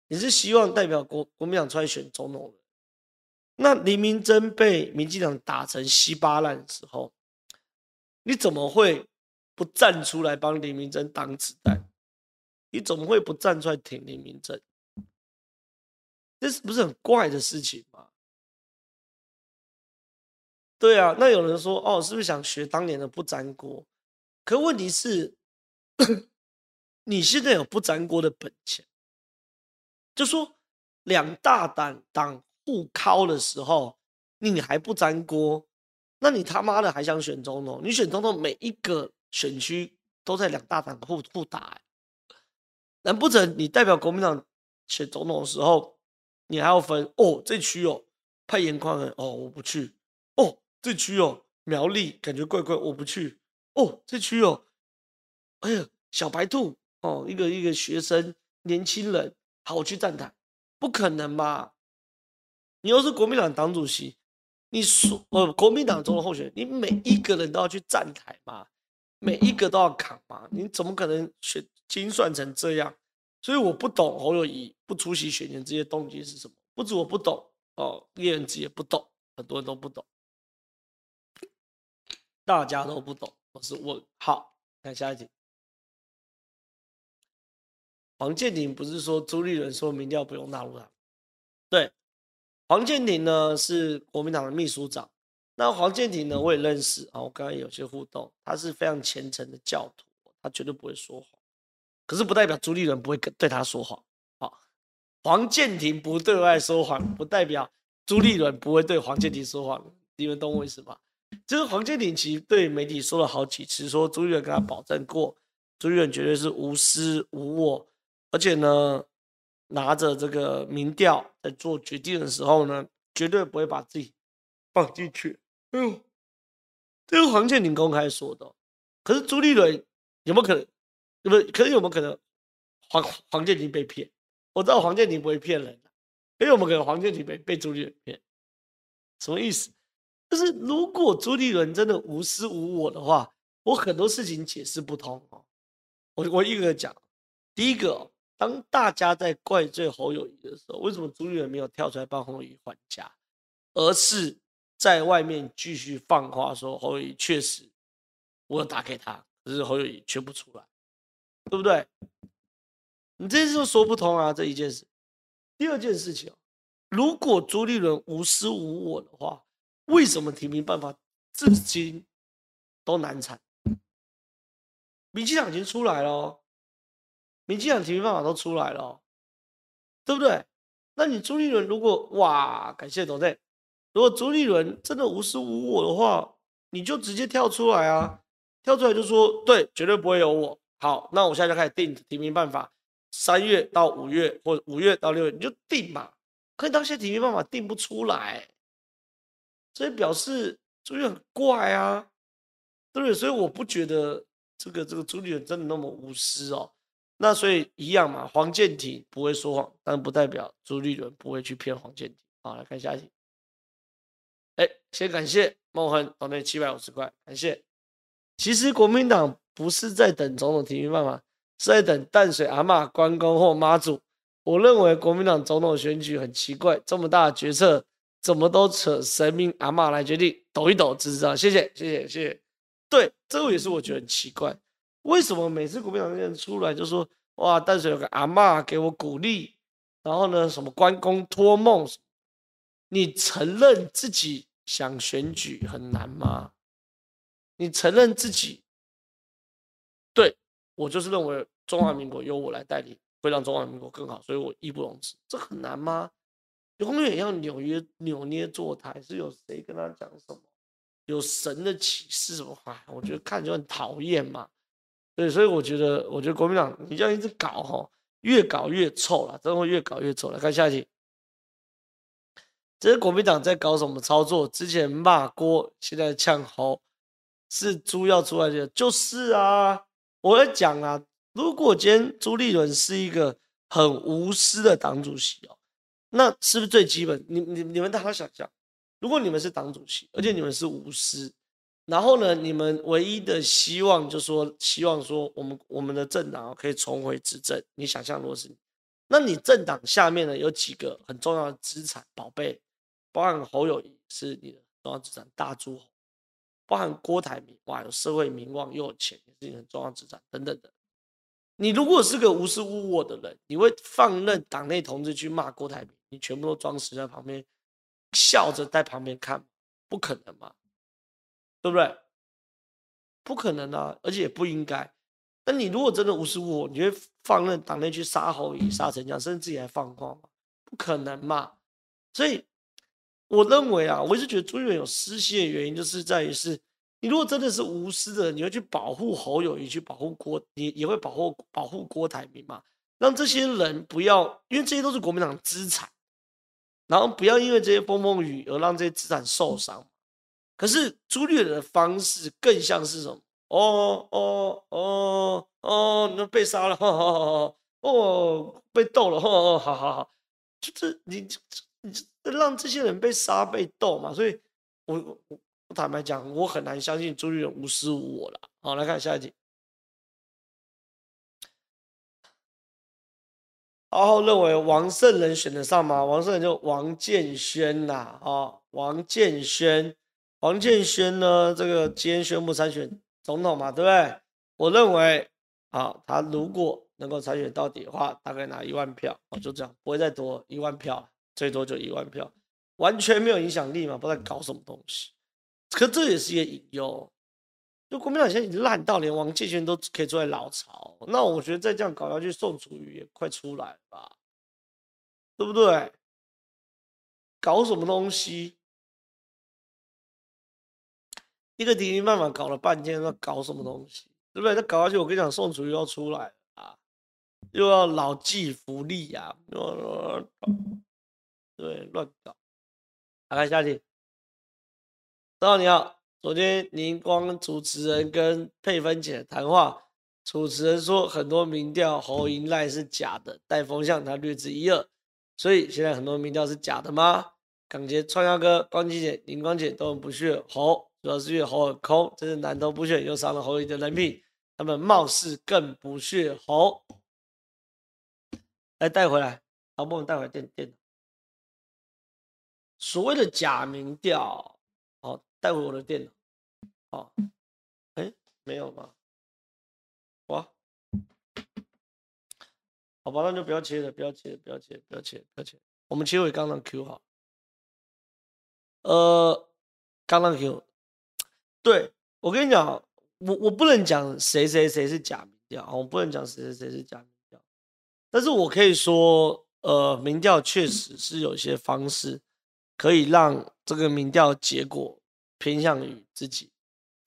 你是希望代表國國民黨出來選總統的，那林明溱被民進黨打成稀巴爛的時候，你怎麼會不站出來幫林明溱擋子彈？你怎麼會不站出來挺林明溱？這是不是很怪的事情嗎？對啊，那有人說哦，是不是想學當年的不沾鍋？可問題是。 你現在有不沾鍋的本錢，就說兩大膽黨互尻的時候，你還不沾鍋，那你他媽的還想選總統？你選總統，每一個選區都在兩大黨互互打，欸，難不成你代表國民黨選總統的時候，你還要分？哦，這區哦，派顏寬恆哦，我不去。哦，這區哦，苗栗感覺怪怪，我不去。哦，這區哦，哎呀，小白兔。哦，一個一個學生，年輕人，好，我去站台，不可能吧？你又是國民黨黨主席，你所呃國民黨中的候選人，你每一個人都要去站台嘛，每一個都要扛嘛，你怎麼可能選精算成這樣？所以我不懂侯友宜不出席選人這些動機是什麼？不只我不懂哦，燕子也不懂，很多人都不懂，大家都不懂。我是問號，看下一集。黃建庭不是說朱立倫說民調不用納入他？對，黃建庭呢是國民黨的秘書長。那黃建庭呢，我也認識啊，我跟他有些互動，他是非常虔誠的教徒，他絕對不會說謊。可是不代表朱立倫不會跟對他說謊。啊，黃建庭不對外說謊，不代表朱立倫不會對黃建庭說謊。你們懂我意思吧？就是黃建庭其實對媒體說了好幾次，說朱立倫跟他保證過，朱立倫絕對是無私無我。而且呢，拿着這個民調在做決定的時候呢，絕對不會把自己放進去。哎呦，這個黃建寧公開說的。可是朱立倫有沒有可能？有沒有，可是有沒有可能黃黃建寧被騙？我知道黃建寧不會騙人啊，有沒有可能黃建寧被被朱立倫騙？什麼意思？就是如果朱立倫真的無私無我的話，我很多事情解釋不通。我我一個個講，第一個。當大家在怪罪侯友宜的時候，為什麼朱立倫沒有跳出來幫侯友宜還價，而是在外面繼續放話說侯友宜確實，我打給他，可是侯友宜卻不出來，對不對？你這些都說不通啊，這一件事。第二件事情，如果朱立倫無私無我的話，為什麼提名辦法至今都難產？民進黨已經出來了哦。民進黨的提名辦法都出來了、喔，對不對？那你朱立倫如果哇，感謝董政，如果朱立倫真的無私無我的話，你就直接跳出來啊，跳出來就說對，絕對不會有我。好，那我現在就開始定提名辦法，三月到五月，或者五月到六月，你就定嘛。可以到現在提名辦法定不出來，所以表示朱立倫很怪啊，對不對？所以我不覺得這個這個朱立倫真的那麼無私哦、喔。那所以一樣嘛，黃健庭不會說謊，但不代表朱立倫不會去騙黃健庭。好，來看下一題。哎、欸，先感謝孟恆，抖內七百五十塊，感謝。其實國民黨不是在等總統提名辦法，是在等淡水阿嬤關公或媽祖。我認為國民黨總統選舉很奇怪，這麼大的決策怎麼都扯神明阿嬤來決定？抖一抖，支持啊！謝謝，謝謝，謝謝。對，這個也是我覺得很奇怪。為什麼每次國民黨有人出來就說哇？但是有個阿嬤給我鼓勵，然後呢，什麼關公托夢？你承認自己想選舉很難嗎？你承認自己，對，我就是認為中華民國由我來代理會讓中華民國更好，所以我義不容辭。這很難嗎？永遠要紐約扭捏作態，是有誰跟他講什麼？有神的啟示什麼？哇，我覺得看就很討厭嘛。對，所以我覺得，我覺得國民黨你這樣一直搞吼，越搞越臭了，真的會越搞越臭了。來看下一題，這是國民黨在搞什麼操作？之前罵郭，現在嗆侯，是朱要出來的就就是啊！我要講啊，如果今天朱立倫是一個很無私的黨主席哦，那是不是最基本？你你你們大家想一下，如果你們是黨主席，而且你們是無私。然後呢，你們唯一的希望就是說，希望說我們我們的政黨可以重回執政。你想象，如果是你，那你政黨下面呢，有幾個很重要的資產寶貝，包含侯友宜是你的重要資產大諸侯，包含郭台銘，哇，有社會名望又有錢，也是你的很重要資產等等等。你如果是個無私無我的人，你會放任黨內同志去罵郭台銘，你全部都裝死在旁邊，笑着在旁邊看，不可能嘛？對不對？不可能啊，而且也不應該。那你如果真的無私無我，你會放任黨內去殺侯爺、殺陳江，甚至自己還放話嗎？不可能嘛！所以我認為啊，我一直覺得朱立倫有私心的原因，就是在於是，你如果真的是無私的人，你會去保護侯友宜，去保護郭，你也會保護保護郭台銘嘛，讓這些人不要，因為這些都是國民黨資產，然後不要因為這些風風雨雨而讓這些資產受傷。可是朱立倫的方式更像是什麼？哦哦哦哦，你都被殺了，哦被鬥了，哦哦，好好好，就是你你讓這些人被殺被鬥嘛，所以，我我坦白講，我很難相信朱立倫無私無我了。好，來看下一題。然後認為王聖人選得上嗎？王聖人就王建煊吶，啊，王建煊。王建煊呢？這個今天宣布參選總統嘛，對不對？我認為，好，他如果能夠參選到底的話，大概拿一萬票啊，就這樣，不會再多一萬票，最多就一萬票，完全沒有影響力嘛，不知道搞什麼東西。可這也是一個隱憂，就國民黨現在已經爛到連王建煊都可以坐在老巢，那我覺得再這樣搞下去，宋楚瑜也快出來吧，對不對？搞什麼東西？一個提名辦法搞了半天，那搞什麼東西，對不對？那搞下去，我跟你講，宋楚瑜又要出來啊，又要老驥伏櫪啊，對，亂搞。打開下集。你好，你好。昨天林光主持人跟佩芬姐談話，主持人說很多民調侯贏賴是假的，帶風向，他略知一二。所以現在很多民調是假的嗎？感覺，創耀哥、光基姐、林光姐都很不屑。好。主要是因為侯很空，這是南投補選，又傷了侯友宜的人品。他們貌似更不屑侯，來、欸、帶回來，好不好？帶回來電電所謂的假民調，好，帶回我的電腦。好，哎、欸，沒有嗎？哇，好吧，那就不要切了，不要切了，不要切了，不要切了，不要切了，不要切了。我們切回剛剛 Q 哈，呃，剛剛 Q。對我跟你講，我我不能講誰誰誰是假民調啊，我不能講誰誰誰是假民調，但是我可以說，呃，民調確實是有些方式可以讓這個民調結果偏向於自己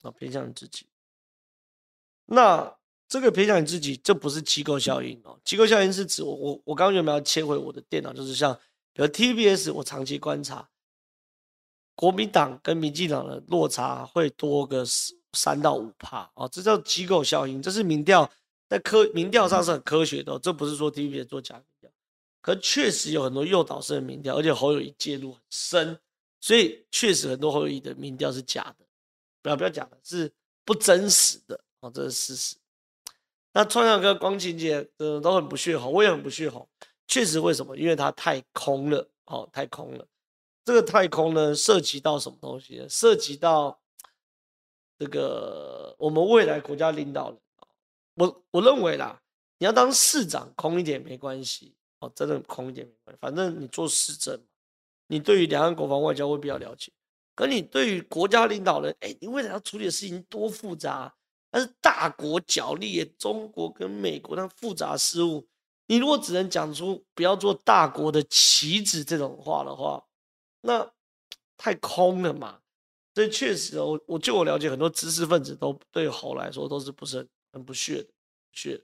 啊、哦，偏向於自己。那這個偏向於自己，這不是機構效應哦，機構效應是指我我我剛剛有沒有切回我的電腦？就是像比如 TVBS，我長期觀察。國民黨跟民進黨的落差會多個三到五趴啊，這叫機構效應。這是民調在科，民調上是很科學的、哦，這不是說 TVB 做假民調，可確實有很多誘導式的民調，而且侯友宜介入很深，所以確實很多侯友宜的民調是假的，不要不要講是不真實的啊、哦，這是事實。那創長哥、光晴節的、呃、都很不屑紅，我也很不屑紅，確實為什麼？因為它太空了，哦太空了。這個太空呢，涉及到什麼東西呢？涉及到這個我們未來國家領導人。我我認為啦，你要當市長，空一點沒關係哦，真的空一點沒關係，反正你做市政，你對於兩岸國防外交會比較了解。可你對於國家領導人，哎，你未來要處理的事情多複雜啊，但是大國角力也，也中國跟美國那複雜事務。你如果只能講出不要做大國的棋子這種話的話，那太空了嘛？所以確實哦，我據我了解，很多知識分子都對侯來說都是不是很不屑的，不屑。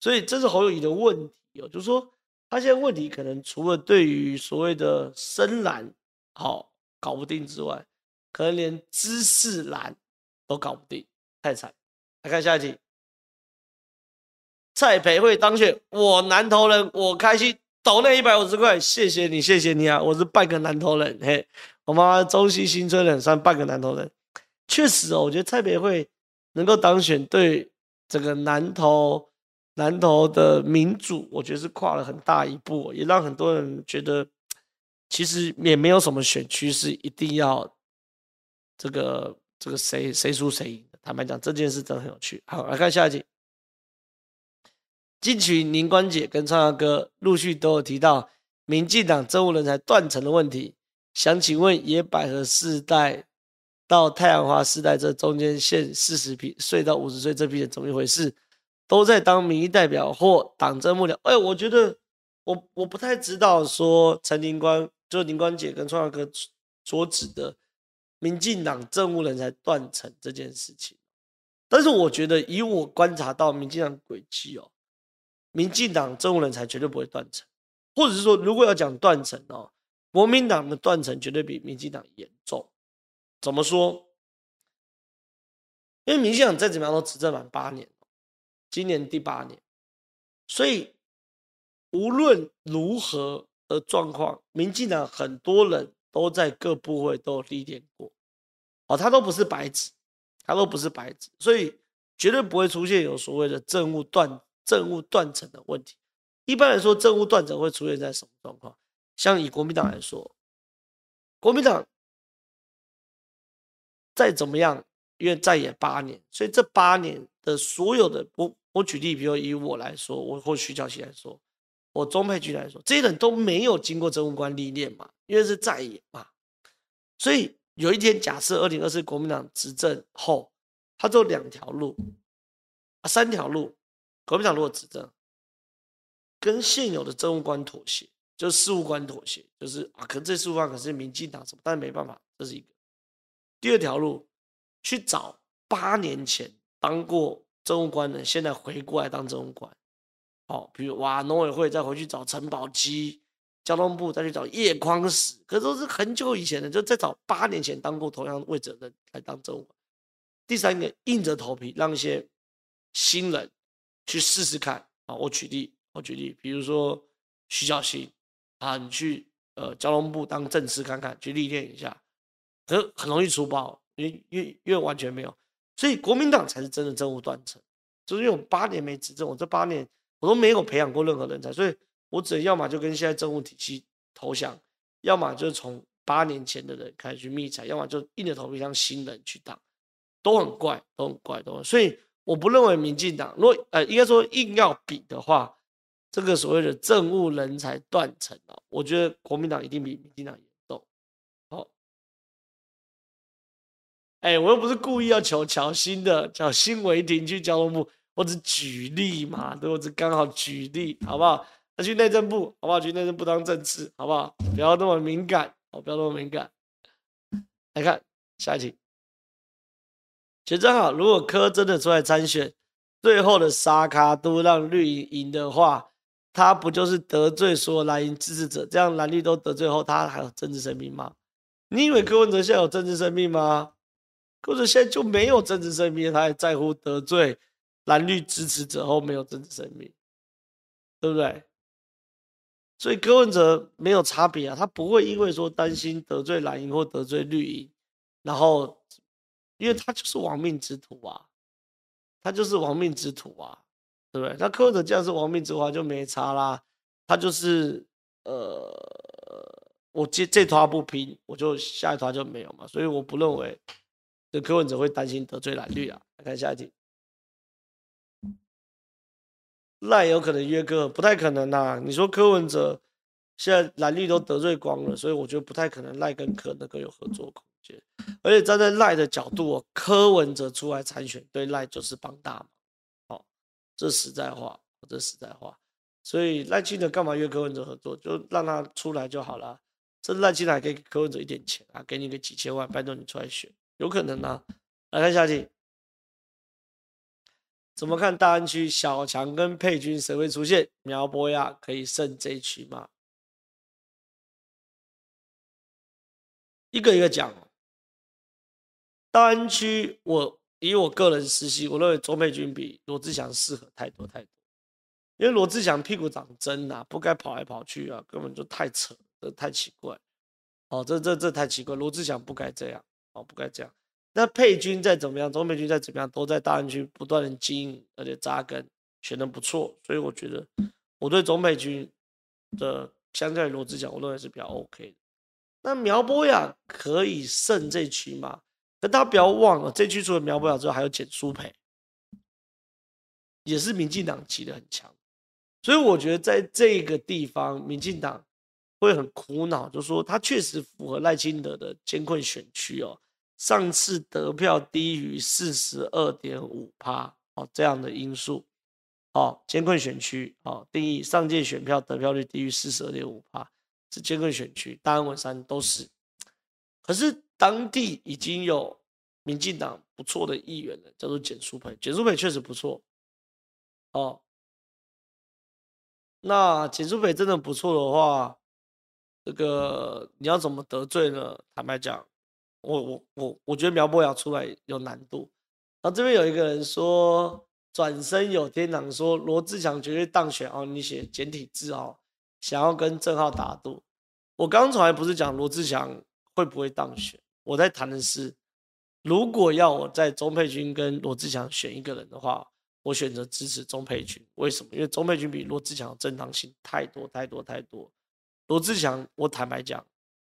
所以這是侯友宜的問題哦，就是說他現在問題可能除了對於所謂的深藍好、哦、搞不定之外，可能連知識藍都搞不定，太慘。來看下一題，蔡培慧當選，我南投人，我開心。倒那一百五十塊，謝謝你，謝謝你啊！我是半個南投人，嘿，我媽媽中興新村人，算半個南投人。確實哦，我覺得蔡培慧能夠當選，對整個南投南投的民主，我覺得是跨了很大一步，哦，也讓很多人覺得，其實也沒有什麼選區是一定要這個這個誰誰輸誰贏的。坦白講，這件事真的很有趣。好，來看下一題。近期，林官姐跟創耀哥陸續都有提到民進黨政務人才斷層的問題。想請問野百合世代到太陽花世代這中間現四十歲到五十歲這批人怎麼一回事？都在當民意代表或黨政幕僚。哎、欸，我覺得我我不太知道說陳林官，就是林官姐跟創耀哥所指的民進黨政務人才斷層這件事情。但是我覺得以我觀察到民進黨軌跡哦。民進黨政務人才絕對不會斷層，或者是說，如果要講斷層哦，國民黨的斷層絕對比民進黨嚴重。怎麼說？因為民進黨再怎麼樣都執政滿八年，今年第八年，所以無論如何的狀況，民進黨很多人都在各部會都歷練過，哦，他都不是白紙，他都不是白紙，所以絕對不會出現有所謂的政務斷層。政務斷層的問題，一般來說，政務斷層會出現在什麼狀況？像以國民黨來說，國民黨再怎麼樣，因為在野八年，所以這八年的所有的，我我舉例，比如以我來說，我或徐巧芯來說，我鍾沛君來說，這些人都沒有經過政務官歷練嘛，因為是在野嘛，所以有一天假設二零二四國民黨執政後，他走兩條路，啊三條路。國民黨如果執政，跟現有的政務官妥協，就是事務官妥協，就是啊，可能這事務官可是民進黨什麼，但是沒辦法，這是一個。第二條路，去找八年前當過政務官的，現在回過來當政務官，哦，比如哇，農委會再回去找陳保基，交通部再去找葉匡時，可都是很久以前的，就在找八年前當過同樣位置的人來當政務官。第三個，硬着頭皮讓一些新人。去試試看啊！我舉例，我舉例，比如說徐小新啊，你去呃交通部當正司看看，去歷練一下，很很容易出包，因為因為完全沒有，所以國民黨才是真的政務斷層，就是因為我八年沒執政，我這八年我都沒有培養過任何人才，所以我只能要麼就跟現在政務體系投降，要麼就是從八年前的人開始去覓才，要麼就硬着頭皮讓新人去當，都很怪，都很怪，都很怪，所以。我不認為民進黨，如果呃，應該說硬要比的話，這個所謂的政務人才斷層哦，我覺得國民黨一定比民進黨嚴重。好，哎、欸，我又不是故意要求喬欣的，叫欣維婷去交通部，我只舉例嘛，對，我只剛好舉例，好不好？那去內政部，好不好？去內政部當政治，好不好？不要那麼敏感，好，不要那麼敏感。來看下一題。其實這樣，如果柯真的出來參選，最後的沙卡都讓綠營贏的話，他不就是得罪所有藍營支持者？這樣藍綠都得罪後，他還有政治生命嗎？你以為柯文哲現在有政治生命嗎？柯文哲現在就沒有政治生命，他還在乎得罪藍綠支持者後沒有政治生命，對不對？所以柯文哲沒有差別啊，他不會因為說擔心得罪藍營或得罪綠營，然後。因為他就是亡命之徒啊，他就是亡命之徒啊，對不對？那柯文哲既然是亡命之徒，他就沒差啦，他就是呃，我接這團不拼，我就下一團就沒有嘛。所以我不認為柯文哲會擔心得罪藍綠啊。來看下一題，賴有可能約哥不太可能吶、啊。你說柯文哲現在藍綠都得罪光了，所以我覺得不太可能賴跟柯能夠有合作過。而且站在賴的角度哦，柯文哲出來參選，對賴就是幫大忙、哦。這實在話、哦，這實在話。所以賴清德幹嘛約柯文哲合作？就讓他出來就好了。這賴清德還可以給柯文哲一點錢啊，給你個幾千萬，拜託你出來選，有可能啊。來看下題，怎麼看大安區小強跟佩君誰會出現？苗博雅可以勝這一區嗎？一個一個講大安區，我以我個人私心，我認為鍾沛君比羅智強適合太多太多，因為羅智強屁股長針啊，不該跑來跑去啊，根本就太扯，太奇怪。哦，這這這太奇怪，羅智強不該這樣哦，不該這樣。那沛君再怎麼樣，鍾沛君再怎麼樣，都在大安區不斷的經營，而且扎根，選得不錯，所以我覺得我對鍾沛君的，相對羅智強，我認為是比較 OK 的。那苗博雅可以勝這區嗎？但大家不要忘了，這區除了苗博雅之外，還有簡舒培，也是民進黨騎得很強。所以我覺得在這個地方，民進黨會很苦惱，就說他確實符合賴清德的艱困選區哦。上次得票低於四十二點五趴哦，這樣的因素，哦艱困選區哦，定義上屆選票得票率低於四十二點五趴是艱困選區，大安文山都是。可是。當地已經有民進黨不錯的議員了，叫做簡舒培，簡舒培確實不錯，哦，那簡舒培真的不錯的話，這個你要怎麼得罪呢？坦白講，我我我我覺得苗博雅出來有難度。然、啊、後這邊有一個人說，轉身有天堂說羅智強絕對當選哦，你寫簡體字哦，想要跟正皓打賭。我剛才從來不是講羅智強會不會當選。我在談的是，如果要我在鍾佩君跟羅智強選一個人的話，我選擇支持鍾佩君。為什麼？因為鍾佩君比羅智強的正當性太多太多太多。羅智強，我坦白講，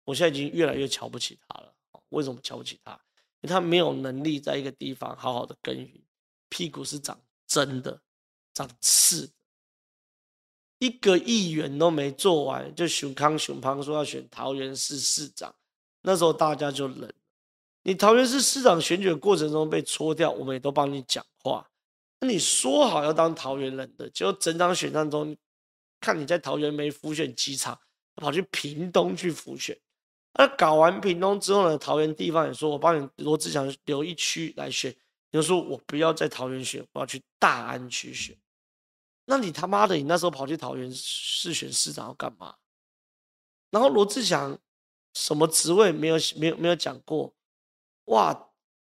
我現在已經越來越瞧不起他了。為什麼瞧不起他？因為他沒有能力在一個地方好好的耕耘，屁股是長針的，長刺的，一個議員都沒做完，就熊康、熊胖說要選桃園市市長。那時候大家就冷，你桃園市市長選舉的過程中被搓掉，我們也都幫你講話。那你說好要當桃園人的，結果整場選戰中，看你在桃園沒輔選幾場，跑去屏東去輔選。那搞完屏東之後呢，桃園地方也說我幫你羅智強留一區來選。你說我不要在桃園選，我要去大安區選。那你他媽的，你那時候跑去桃園市選市長要幹嘛？然後羅智強。什麼職位沒有沒有沒有講過？哇，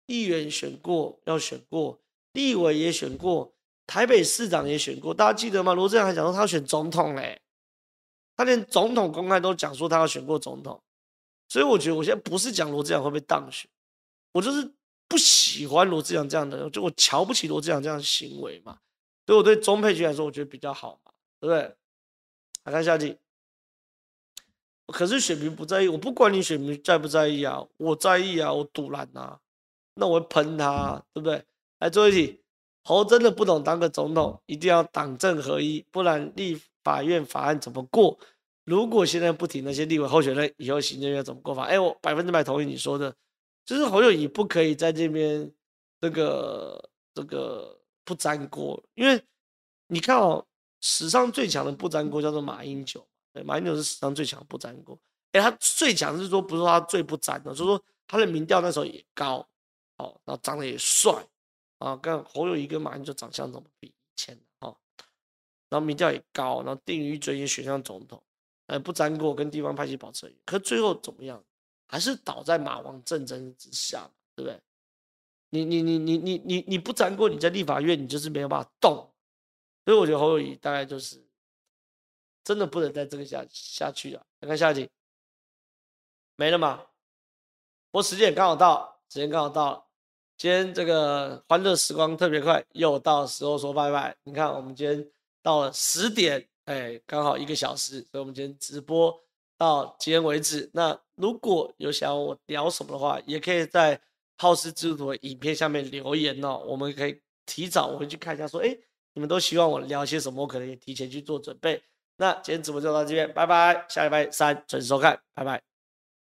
議員選過，要選過，立委也選過，台北市長也選過，大家記得嗎？羅智強還講說他要選總統嘞、欸，他連總統公開都講說他要選過總統，所以我覺得我現在不是講羅智強會被當選，我就是不喜歡羅智強這樣的，就我瞧不起羅智強這樣的行為嘛，所以我對鍾沛君來說我覺得比較好嘛，對不對？來看下集。可是選民不在意，我不管你選民在不在意啊，我在意啊，我堵攔啊，那我會噴他、啊，對不對？來，最後一題，侯真的不懂，當個總統一定要黨政合一，不然立法院法案怎麼過？如果現在不提那些立委候選人，以後行政院怎麼過法？哎，我百分之百同意你說的，就是侯友宜不可以在這邊、那個，這個這個不沾鍋，因為你看哦，史上最強的不沾鍋叫做馬英九。對，馬英九是史上最強不沾鍋，誒,他最強是說不是他最不沾的，就是說他的民調那時候也高，哦，然後長得也帥啊，跟侯友宜跟馬英九長相怎麼比？以前的，然後民調也高，然後定於一尊選上總統，誒，不沾鍋跟地方派系保持，可最後怎麼樣？還是倒在馬王政爭之下嘛，對不對？你你你你你你你不沾鍋，你在立法院你就是沒有辦法動，所以我覺得侯友宜大概就是。真的不能在這個下下去啊！你看，看下集，沒了嗎？我時間也剛好到，時間剛好到了。今天這個歡樂時光特別快，又到時候說拜拜。你看，我們今天到了十點，哎、欸，剛好一個小時，所以我們今天直播到今天為止。那如果有想要我聊什麼的話，也可以在皓事之徒的影片下面留言哦，我們可以提早回去看一下說，說、欸、哎，你們都希望我聊些什麼，我可能也提前去做準備。那今天直播就到這邊，拜拜！下禮拜三準時收看，拜拜。